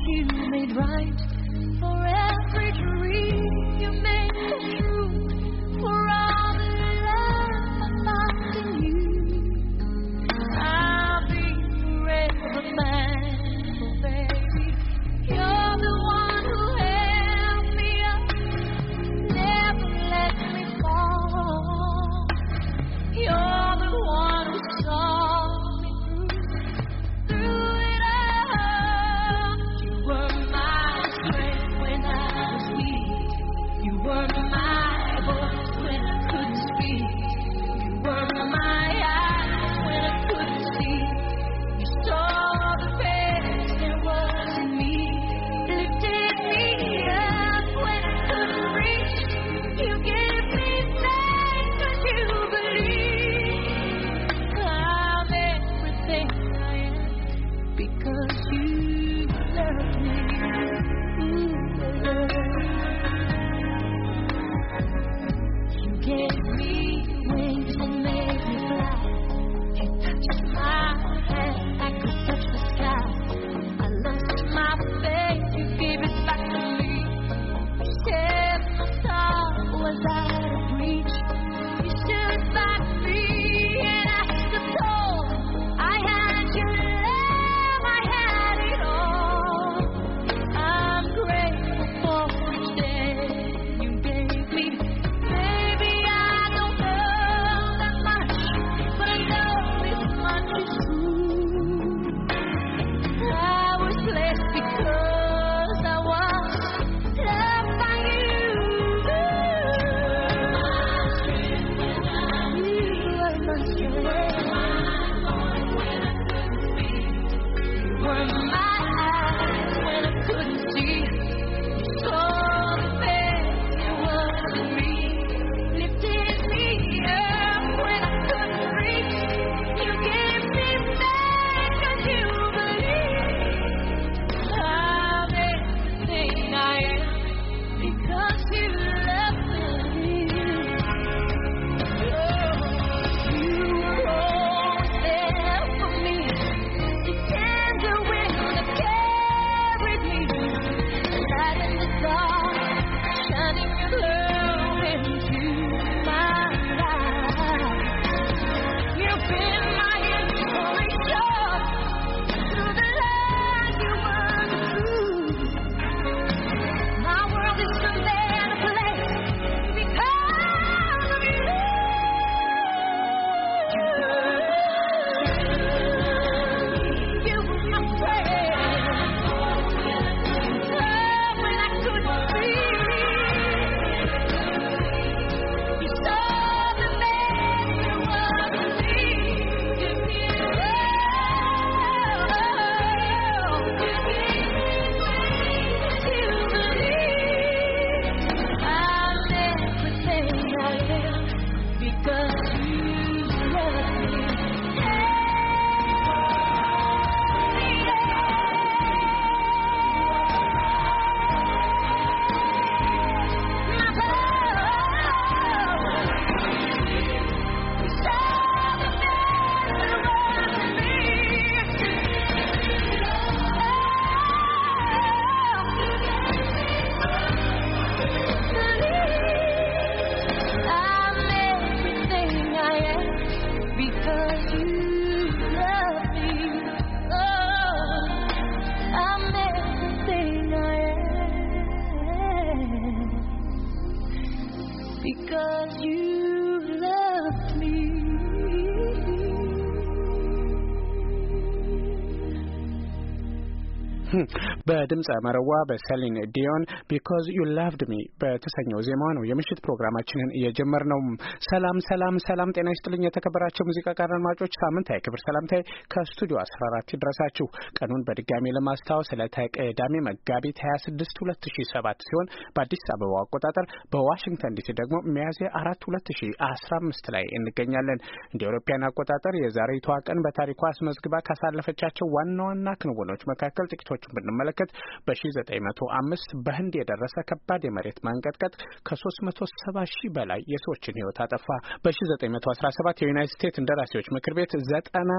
you made right, for every dream you made come true, for all the love I found in you. I'll be forever thankful, oh, baby. You're the one who held me up, never let me fall. You're the one. በድምፀ መረዋ በሰሊን ዲዮን ቢኮዝ ዩ ላቭድ ሚ በተሰኘው ዜማ ነው የምሽት ፕሮግራማችንን እየጀመር ነው። ሰላም ሰላም ሰላም፣ ጤና ይስጥልኝ የተከበራቸው ሙዚቃ ቃር አድማጮች፣ ሳምንታዊ ክብር ሰላምታዬ ከስቱዲዮ 14 ይድረሳችሁ። ቀኑን በድጋሚ ለማስታወስ ለተቀዳሚ መጋቢት ሺ ሰባት ሲሆን በአዲስ አበባ አቆጣጠር በዋሽንግተን ዲሲ ደግሞ ሚያዝያ አስራ አምስት ላይ እንገኛለን። እንደ አውሮፓውያን አቆጣጠር የዛሬቷ ቀን በታሪኳ አስመዝግባ ካሳለፈቻቸው ዋና ዋና ክንውኖች መካከል ጥቂቶ ታሪኮቹን ብንመለከት በ1905 በህንድ የደረሰ ከባድ የመሬት ማንቀጥቀጥ ከ370 ሺህ በላይ የሰዎችን ህይወት አጠፋ። በ1917 የዩናይትድ ስቴትስ እንደራሴዎች ምክር ቤት ዘጠና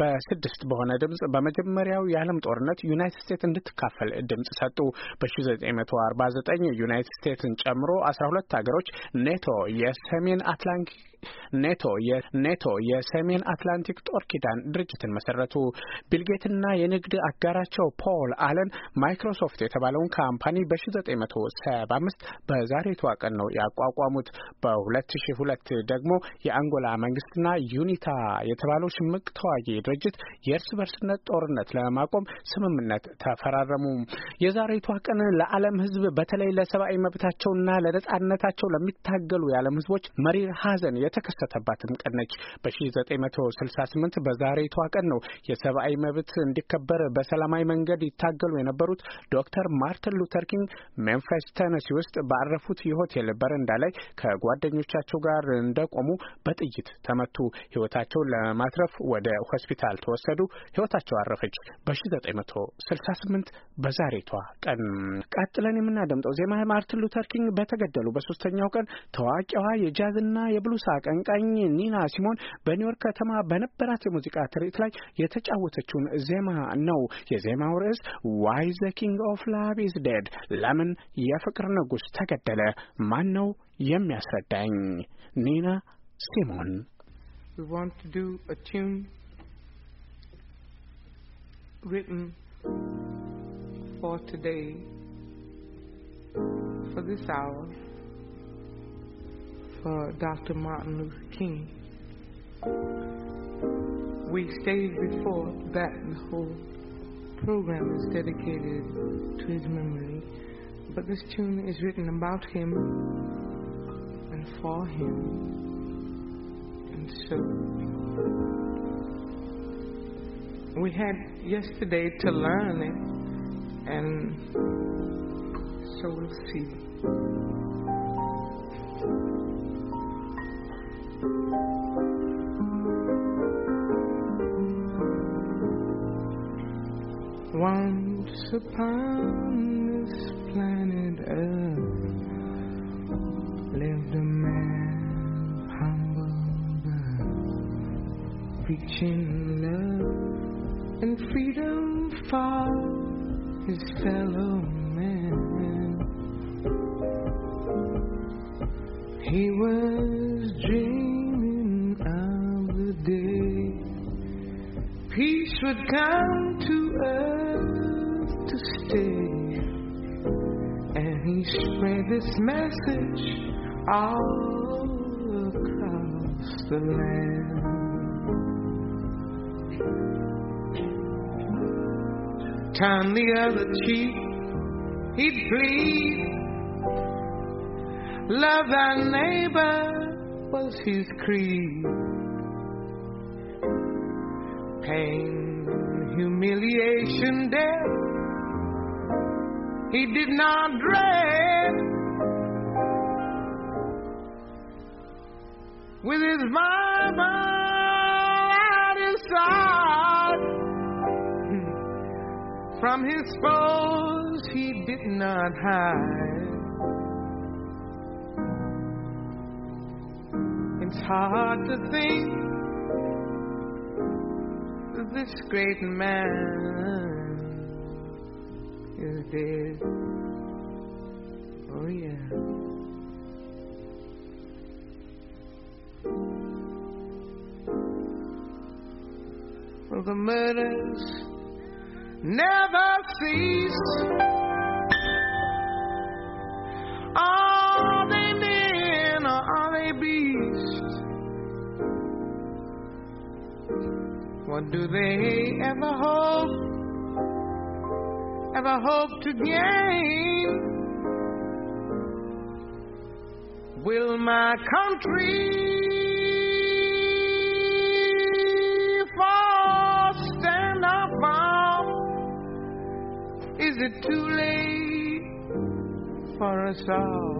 በስድስት በሆነ ድምጽ በመጀመሪያው የዓለም ጦርነት ዩናይትድ ስቴትስ እንድትካፈል ድምጽ ሰጡ። በ1949 ዩናይትድ ስቴትስን ጨምሮ 12 ሀገሮች ኔቶ የሰሜን አትላንቲክ ኔቶ የኔቶ የሰሜን አትላንቲክ ጦር ኪዳን ድርጅትን መሰረቱ። ቢልጌትና የንግድ አጋራቸው ፖል አለን ማይክሮሶፍት የተባለውን ካምፓኒ በ1975 በዛሬቷ ቀን ነው ያቋቋሙት። በ2002 ደግሞ የአንጎላ መንግስትና ዩኒታ የተባለው ሽምቅ ተዋጊ ድርጅት የእርስ በርስነት ጦርነት ለማቆም ስምምነት ተፈራረሙ። የዛሬቷ ቀን ለዓለም ህዝብ በተለይ ለሰብአዊ መብታቸውና ለነጻነታቸው ለሚታገሉ የዓለም ህዝቦች መሪር ሀዘን የተከሰተባትም ቀን ነች። በ1968 በዛሬቷ ቀን ነው የሰብአዊ መብት እንዲከበር በሰላማዊ መንገድ ይታገሉ የነበሩት ዶክተር ማርትን ሉተር ኪንግ ሜምፊስ ተነሲ ውስጥ ባረፉት የሆቴል በረንዳ ላይ ከጓደኞቻቸው ጋር እንደቆሙ በጥይት ተመቱ። ህይወታቸውን ለማትረፍ ወደ ሆስፒታል ተወሰዱ። ህይወታቸው አረፈች። በ1968 በዛሬቷ ቀን ቀጥለን የምናደምጠው ዜማ ማርትን ሉተር ኪንግ በተገደሉ በሶስተኛው ቀን ታዋቂዋ የጃዝና የብሉስ አቀንቃኝ ኒና ሲሞን በኒውዮርክ ከተማ በነበራት የሙዚቃ ትርኢት ላይ የተጫወተችውን ዜማ ነው። የዜማው ርዕስ ዋይ ዘ ኪንግ ኦፍ ላቭ ኢዝ ዴድ፣ ለምን የፍቅር ንጉሥ ተገደለ? ማን ነው የሚያስረዳኝ? ኒና ሲሞን written for today, for this hour. for Dr. Martin Luther King. We stated before that the whole program is dedicated to his memory, but this tune is written about him and for him. And so we had yesterday to learn it, and so we'll see. Once upon this planet Earth lived a man humble birth, preaching love and freedom for his fellow men. He was dreaming. Would come to earth to stay. And he spread this message all across the land. Turn the other cheek, he'd plead. Love thy neighbor was his creed. Pain humiliation death he did not dread. With his Bible at his side, from his foes he did not hide. It's hard to think this great man is dead. Oh, yeah. Well, the murders never cease. do they ever hope, ever hope to gain? Will my country fall, stand up, bound? Is it too late for us all?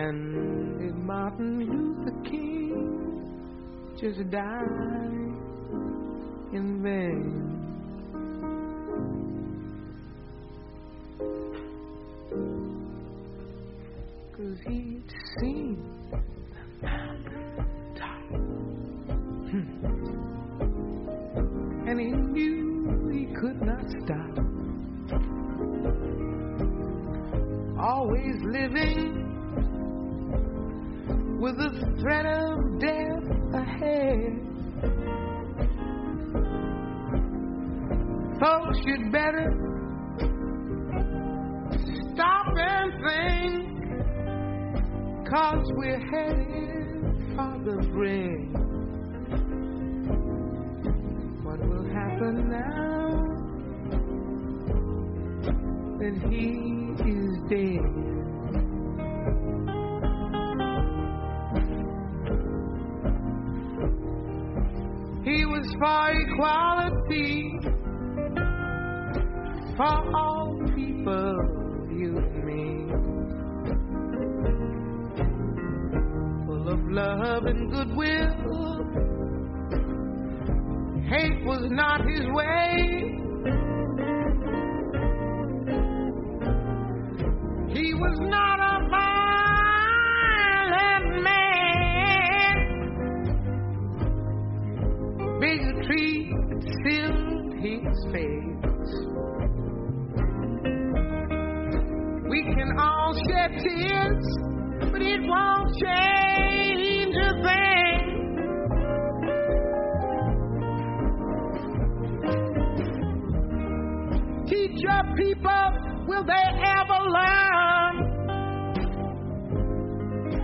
And if Martin Luther King just died in vain. Cause he'd seen the mountain top. And he knew he could not stop. Always living threat of death ahead. Folks, you'd better stop and think, cause we're headed for the brink. What will happen now? That he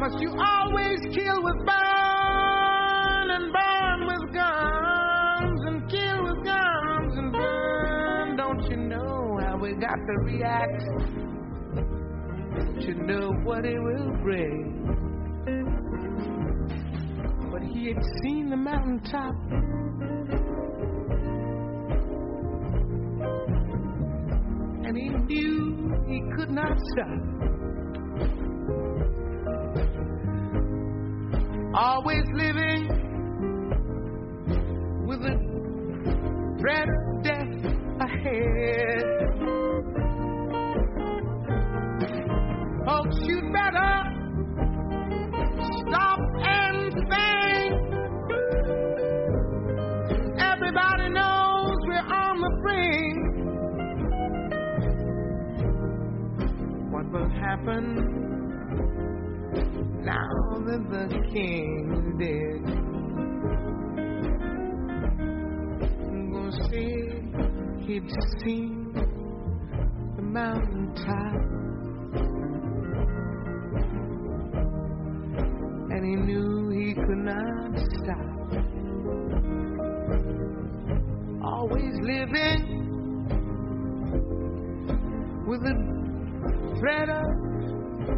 must you always kill with burn and burn with guns and kill with guns and burn? Don't you know how we got to react? Don't you know what it will bring? But he had seen the mountaintop. And he knew he could not stop. always living with the dread of death ahead. Folks, you would better stop and think. Everybody knows we're on the brink. What will happen? the king did. Gonna he'd seen the mountaintop. And he knew he could not stop. Always living with a threat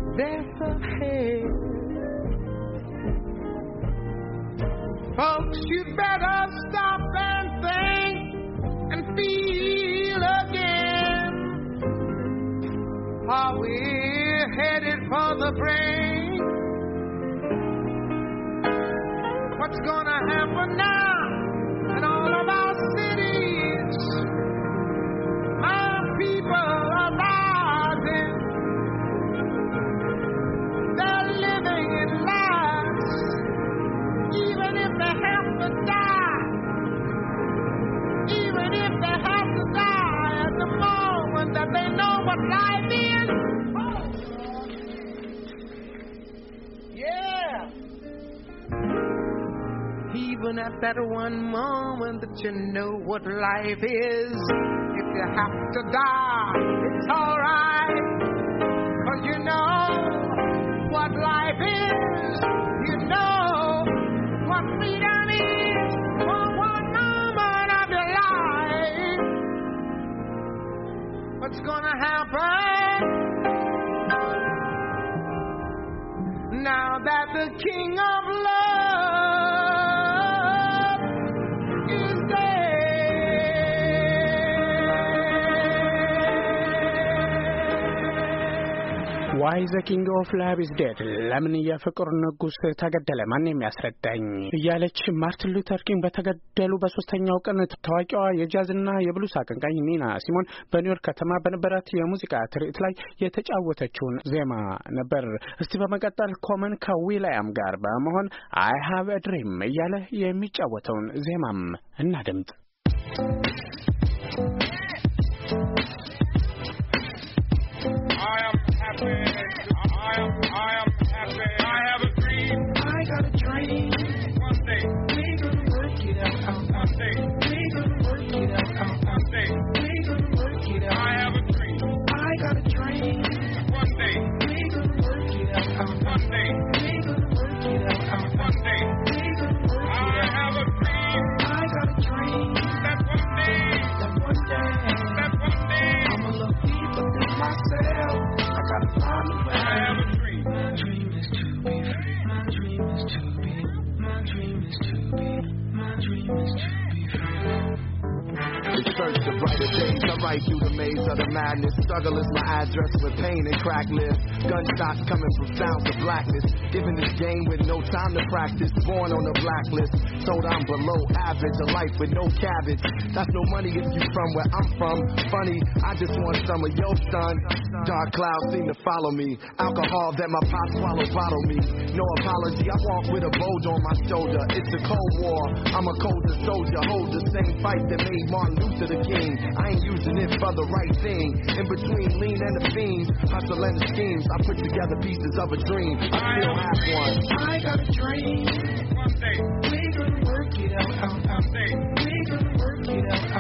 of death ahead. Folks, you'd better stop and think and feel again. Are we headed for the brink? What's gonna happen now? you know what life is. If you have to die, it's alright. Cause you know what life is. You know what freedom is. For one moment of your life, what's gonna happen? Now that the King of ዋይ ዘ ኪንግ ኦፍ ላቭ ኢዝ ዴድ ለምን የፍቅር ንጉሥ ተገደለ ማን የሚያስረዳኝ እያለች ማርቲን ሉተር ኪንግ በተገደሉ በሶስተኛው ቀን ታዋቂዋ የጃዝና የብሉስ አቀንቃኝ ኒና ሲሞን በኒውዮርክ ከተማ በነበራት የሙዚቃ ትርኢት ላይ የተጫወተችውን ዜማ ነበር። እስቲ በመቀጠል ኮመን ከዊላያም ጋር በመሆን አይ ሃቭ አ ድሪም እያለ የሚጫወተውን ዜማም እና ድምፅ I am free. track list. Gunshots coming from sounds of blackness. Given this game with no time to practice. Born on the blacklist. Told I'm below average. A life with no cabbage. That's no money if you from where I'm from. Funny, I just want some of your son. Dark clouds seem to follow me. Alcohol that my pot swallows bottle me. No apology, I walk with a bulge on my shoulder. It's a cold war. I'm a colder soldier. Hold the same fight that made Martin Luther the king. I ain't using it for the right thing. In between lean and the fiends, hustle and the schemes. I put together pieces of a dream. I still have one. I got a dream. One day. We gonna work it out. out, out. We gonna work it out.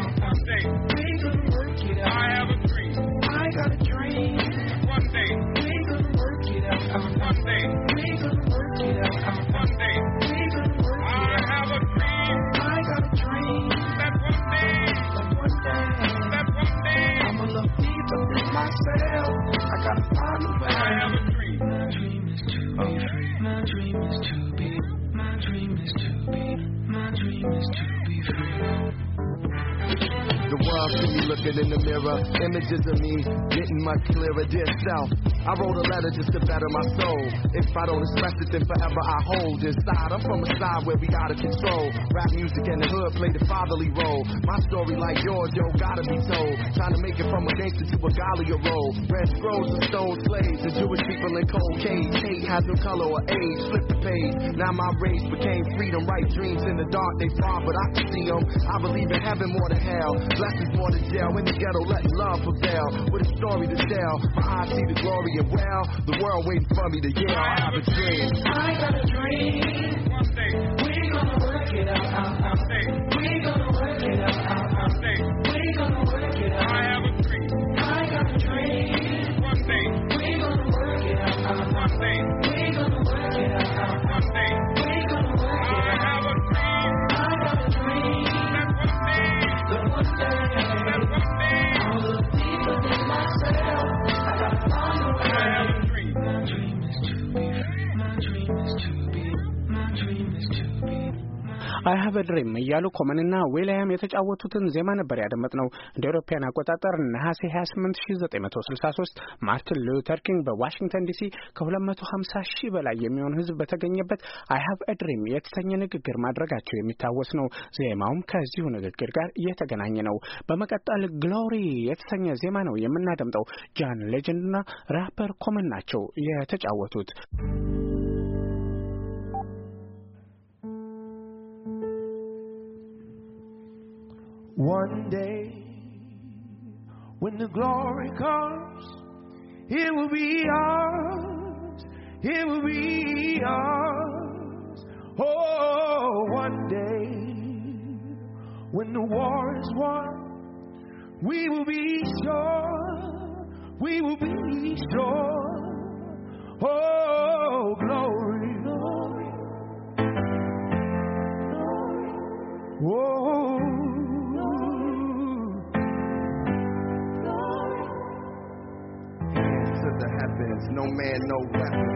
I have a dream. My dream is to be My dream is to be. My dream is to be. My dream is to be love to me looking in the mirror. Images of me getting my clearer, dear self. I wrote a letter just to better my soul. If I don't express it, then forever I hold inside. I'm from a side where we out of control. Rap music and the hood play the fatherly role. My story, like yours, yo, gotta be told. Trying to make it from a gangster to a Galia role. Red scrolls and stone slaves and Jewish people in cold cage. Hate has no color or age. Flip the page. Now my race became freedom. Right dreams in the dark, they far, but I can see them. I believe in heaven more than hell. Blessings is more than jail. In the ghetto, let love prevail. With a story to tell, my eyes see the glory and well. The world waiting for me to yell. I have a dream. I got a dream. We gonna work it out. out, out. We አይ ሀቭ ድሪም እያሉ ኮመንና ዊልያም የተጫወቱትን ዜማ ነበር ያደመጥነው። እንደ አውሮፓውያን አቆጣጠር ነሐሴ 28963 ማርቲን ሉተር ኪንግ በዋሽንግተን ዲሲ ከ250 ሺህ በላይ የሚሆን ሕዝብ በተገኘበት አይ ሀቭ ድሪም የተሰኘ ንግግር ማድረጋቸው የሚታወስ ነው። ዜማውም ከዚሁ ንግግር ጋር እየተገናኘ ነው። በመቀጠል ግሎሪ የተሰኘ ዜማ ነው የምናደምጠው። ጃን ሌጀንድና ራፐር ኮመን ናቸው የተጫወቱት። One day, when the glory comes, it will be ours. It will be ours. Oh, one day, when the war is won, we will be sure. We will be sure. Oh, glory. glory. Oh, weapons, no man, no weapon.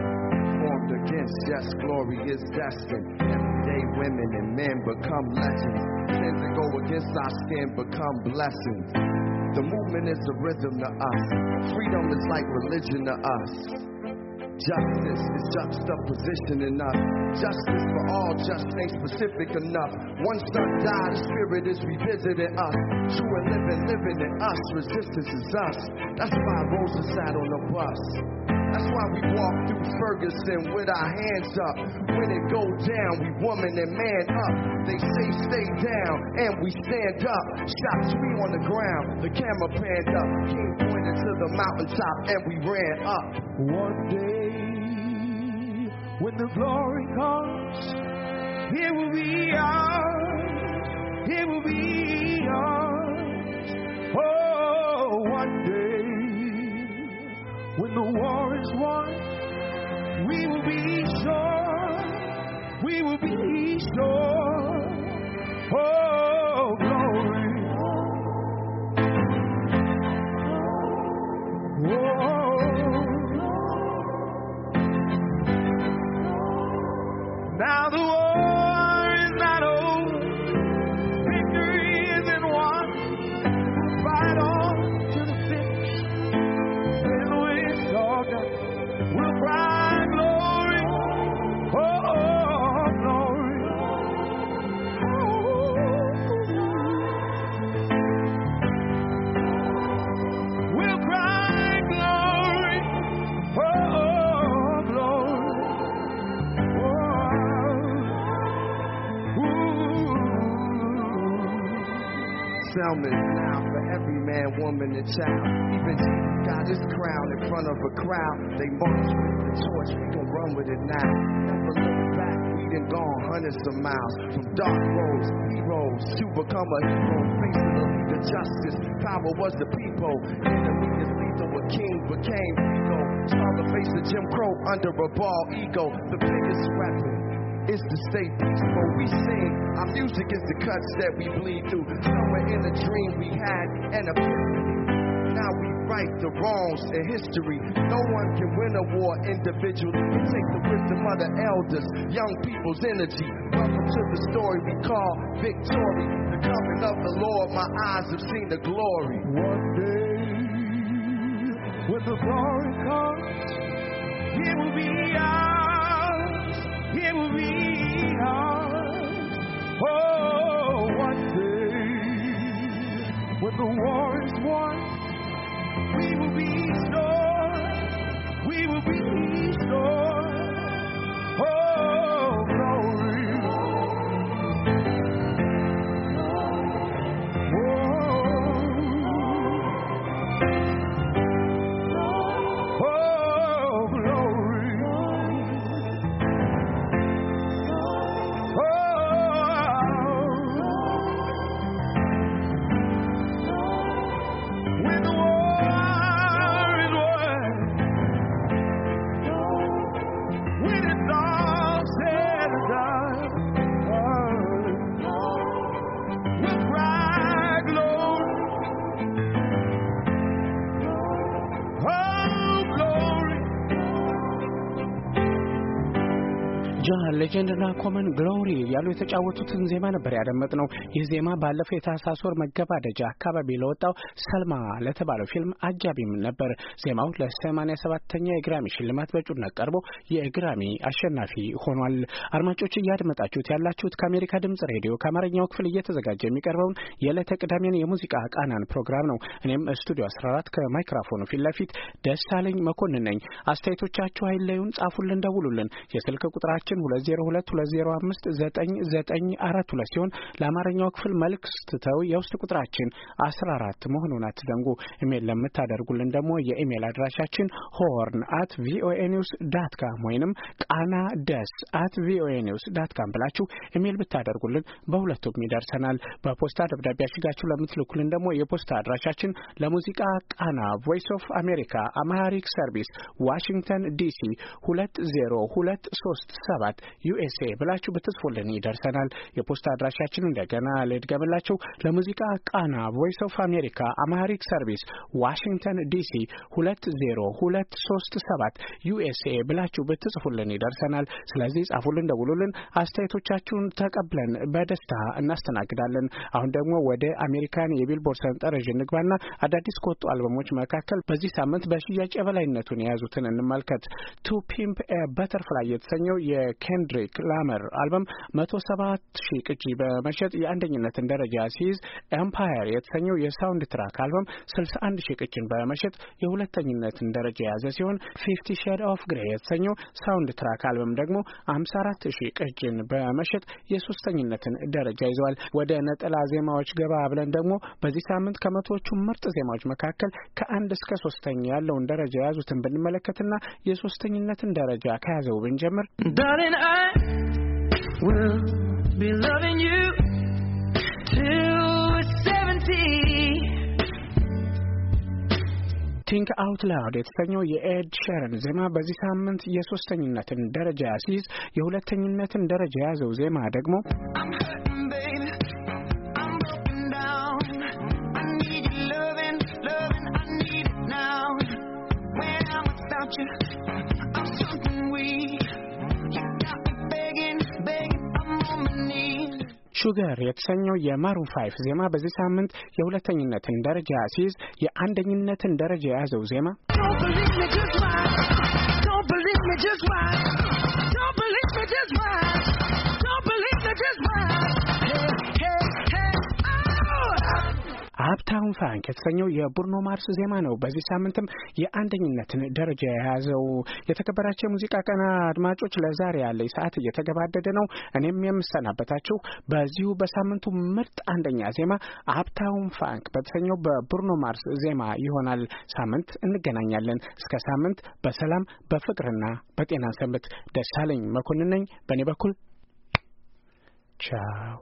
Formed against, yes, glory is destined. Everyday women and men become legends. Sins that go against our skin become blessings. The movement is a rhythm to us. Freedom is like religion to us. Justice is juxtaposition us. Justice for all just ain't specific enough. Once son died, spirit is revisiting us. True and living, living in us. Resistance is us. That's why Rosa sat on the bus. That's why we walk through Ferguson with our hands up. When it go down, we woman and man up. They say stay down, and we stand up. Shots we on the ground, the camera panned up. King pointed to the mountaintop, and we ran up. One day, when the glory comes, it will be ours. It will be ours. When the war is won, we will be sure. We will be sure. Oh, glory. Oh. Now the a child. Even Jesus got his crown in front of a crowd. They marched with the torch, we gon' run with it now. Never look back, we done gone hundreds of miles. From dark roads, heroes, to become a hero. Face the justice, power was the people. Enemy is lethal, a king became ego. the face of Jim Crow under a ball ego. The biggest weapon is to stay peaceful. We sing, our music is the cuts that we bleed through. Somewhere in a dream we had an epiphany. Now we right the wrongs in history. No one can win a war individually. We take the wisdom of the elders, young people's energy. Welcome to the story we call victory. The coming of the Lord, my eyes have seen the glory. One day, when the glory comes, it will be ours it will be ours. Oh, one day when the war is won, we will be sure. We will be sure. ሌጀንድና ኮመን ግሎሪ ያሉ የተጫወቱትን ዜማ ነበር ነው። ይህ ዜማ ባለፈው የታህሳስ ወር መገባደጃ አካባቢ ለወጣው ሰልማ ለተባለው ፊልም አጃቢም ነበር። ዜማው ለሰማንያ ሰባተኛ የግራሚ ሽልማት በእጩነት ቀርቦ የግራሚ አሸናፊ ሆኗል። አድማጮች እያደመጣችሁት ያላችሁት ከአሜሪካ ድምጽ ሬዲዮ ከአማርኛው ክፍል እየተዘጋጀ የሚቀርበውን የዕለተ ቅዳሜን የሙዚቃ ቃናን ፕሮግራም ነው። እኔም ስቱዲዮ 14 ከማይክሮፎኑ ፊት ለፊት ደሳለኝ መኮንን ነኝ። አስተያየቶቻችሁ አይለዩን፣ ጻፉልን፣ ደውሉልን። የስልክ ቁጥራችን ሁለት 02205994 ሲሆን ለአማርኛው ክፍል መልክ ስትተው የውስጥ ቁጥራችን 14 መሆኑን አትዘንጉ። ኢሜል ለምታደርጉልን ደግሞ የኢሜል አድራሻችን ሆርን አት ቪኦኤ ኒውስ ዳት ካም ወይንም ቃና ደስ አት ቪኦኤ ኒውስ ዳት ካም ብላችሁ ኢሜል ብታደርጉልን በሁለቱም ይደርሰናል። በፖስታ ደብዳቤ አሽጋችሁ ለምትልኩልን ደግሞ የፖስታ አድራሻችን ለሙዚቃ ቃና ቮይስ ኦፍ አሜሪካ አማሪክ ሰርቪስ ዋሽንግተን ዲሲ 20237 ዩኤስኤ ብላችሁ ብትጽፉልን ይደርሰናል። የፖስታ አድራሻችን እንደገና ልድገምላችሁ። ለሙዚቃ ቃና ቮይስ ኦፍ አሜሪካ አማሪክ ሰርቪስ ዋሽንግተን ዲሲ ሁለት ዜሮ ሁለት ሶስት ሰባት ዩኤስኤ ብላችሁ ብትጽፉልን ይደርሰናል። ስለዚህ ጻፉልን፣ ደውሉልን። አስተያየቶቻችሁን ተቀብለን በደስታ እናስተናግዳለን። አሁን ደግሞ ወደ አሜሪካን የቢልቦርድ ሰንጠረዥ እንግባና አዳዲስ ከወጡ አልበሞች መካከል በዚህ ሳምንት በሽያጭ የበላይነቱን የያዙትን እንመልከት። ቱ ፒምፕ ኤ በተርፍላይ የተሰኘው የኬንድ ኬንድሪክ ላመር አልበም መቶ ሰባት ሺህ ቅጂ በመሸጥ የአንደኝነትን ደረጃ ሲይዝ ኤምፓየር የተሰኘው የሳውንድ ትራክ አልበም ስልሳ አንድ ሺህ ቅጂን በመሸጥ የሁለተኝነትን ደረጃ የያዘ ሲሆን ፊፍቲ ሼድ ኦፍ ግሬ የተሰኘው ሳውንድ ትራክ አልበም ደግሞ አምሳ አራት ሺህ ቅጂን በመሸጥ የሶስተኝነትን ደረጃ ይዘዋል። ወደ ነጠላ ዜማዎች ገባ ብለን ደግሞ በዚህ ሳምንት ከመቶዎቹ ምርጥ ዜማዎች መካከል ከአንድ እስከ ሶስተኛ ያለውን ደረጃ የያዙትን ብንመለከትና የሶስተኝነትን ደረጃ ከያዘው ብንጀምር I will be loving you till 70. ቲንክ አውት ላውድ የተሰኘው የኤድ ሼረን ዜማ በዚህ ሳምንት የሶስተኝነትን ደረጃ ሲይዝ የሁለተኝነትን ደረጃ የያዘው ዜማ ደግሞ I'm something weak. ሹገር የተሰኘው የማሩን ፋይፍ ዜማ በዚህ ሳምንት የሁለተኝነትን ደረጃ ሲይዝ፣ የአንደኝነትን ደረጃ የያዘው ዜማ Don't believe me, just Don't believe me, just ሀብታውን ፋንክ የተሰኘው የቡርኖ ማርስ ዜማ ነው። በዚህ ሳምንትም የአንደኝነትን ደረጃ የያዘው። የተከበራቸው የሙዚቃ ቀና አድማጮች፣ ለዛሬ ያለ ሰዓት እየተገባደደ ነው። እኔም የምሰናበታችሁ በዚሁ በሳምንቱ ምርጥ አንደኛ ዜማ ሀብታውን ፋንክ በተሰኘው በቡርኖ ማርስ ዜማ ይሆናል። ሳምንት እንገናኛለን። እስከ ሳምንት በሰላም በፍቅርና በጤና ሰንብት። ደሳለኝ መኮንን ነኝ በእኔ በኩል ቻው።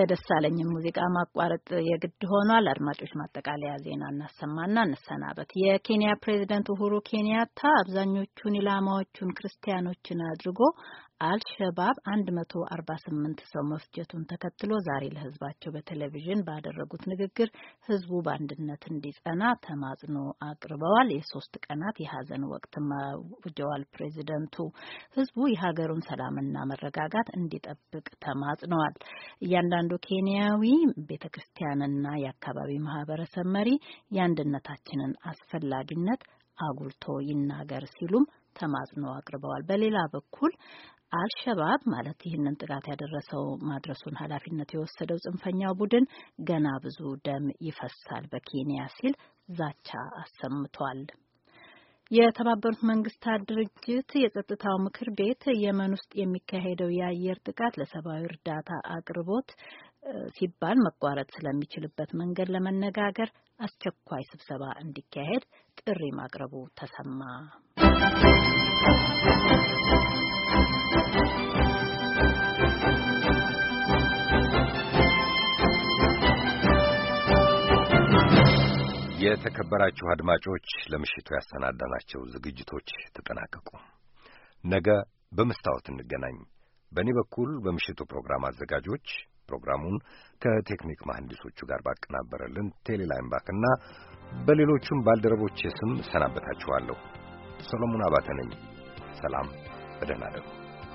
የደሳለኝን ሙዚቃ ማቋረጥ የግድ ሆኗል። አድማጮች ማጠቃለያ ዜና እናሰማና እንሰናበት። የኬንያ ፕሬዚደንት ኡሁሩ ኬንያታ አብዛኞቹን ኢላማዎቹን ክርስቲያኖችን አድርጎ አልሸባብ 148 ሰው መፍጀቱን ተከትሎ ዛሬ ለህዝባቸው በቴሌቪዥን ባደረጉት ንግግር ህዝቡ በአንድነት እንዲጸና ተማጽኖ አቅርበዋል። የሶስት ቀናት የሀዘን ወቅት አውጀዋል። ፕሬዚደንቱ ህዝቡ የሀገሩን ሰላምና መረጋጋት እንዲጠብቅ ተማጽነዋል። እያንዳንዱ ኬንያዊ ቤተ ክርስቲያንና የአካባቢ ማህበረሰብ መሪ የአንድነታችንን አስፈላጊነት አጉልቶ ይናገር ሲሉም ተማጽኖ አቅርበዋል። በሌላ በኩል አልሸባብ ማለት ይህንን ጥቃት ያደረሰው ማድረሱን ኃላፊነት የወሰደው ጽንፈኛው ቡድን ገና ብዙ ደም ይፈሳል በኬንያ ሲል ዛቻ አሰምቷል። የተባበሩት መንግስታት ድርጅት የጸጥታው ምክር ቤት የመን ውስጥ የሚካሄደው የአየር ጥቃት ለሰብአዊ እርዳታ አቅርቦት ሲባል መቋረጥ ስለሚችልበት መንገድ ለመነጋገር አስቸኳይ ስብሰባ እንዲካሄድ ጥሪ ማቅረቡ ተሰማ። የተከበራችሁ አድማጮች ለምሽቱ ያሰናዳናቸው ዝግጅቶች ተጠናቀቁ። ነገ በመስታወት እንገናኝ። በእኔ በኩል በምሽቱ ፕሮግራም አዘጋጆች ፕሮግራሙን ከቴክኒክ መሐንዲሶቹ ጋር ባቀናበረልን ቴሌላይም ባክና በሌሎቹም ባልደረቦች ስም እሰናበታችኋለሁ። ሰሎሞን አባተ ነኝ። ሰላም፣ በደህና እደሩ።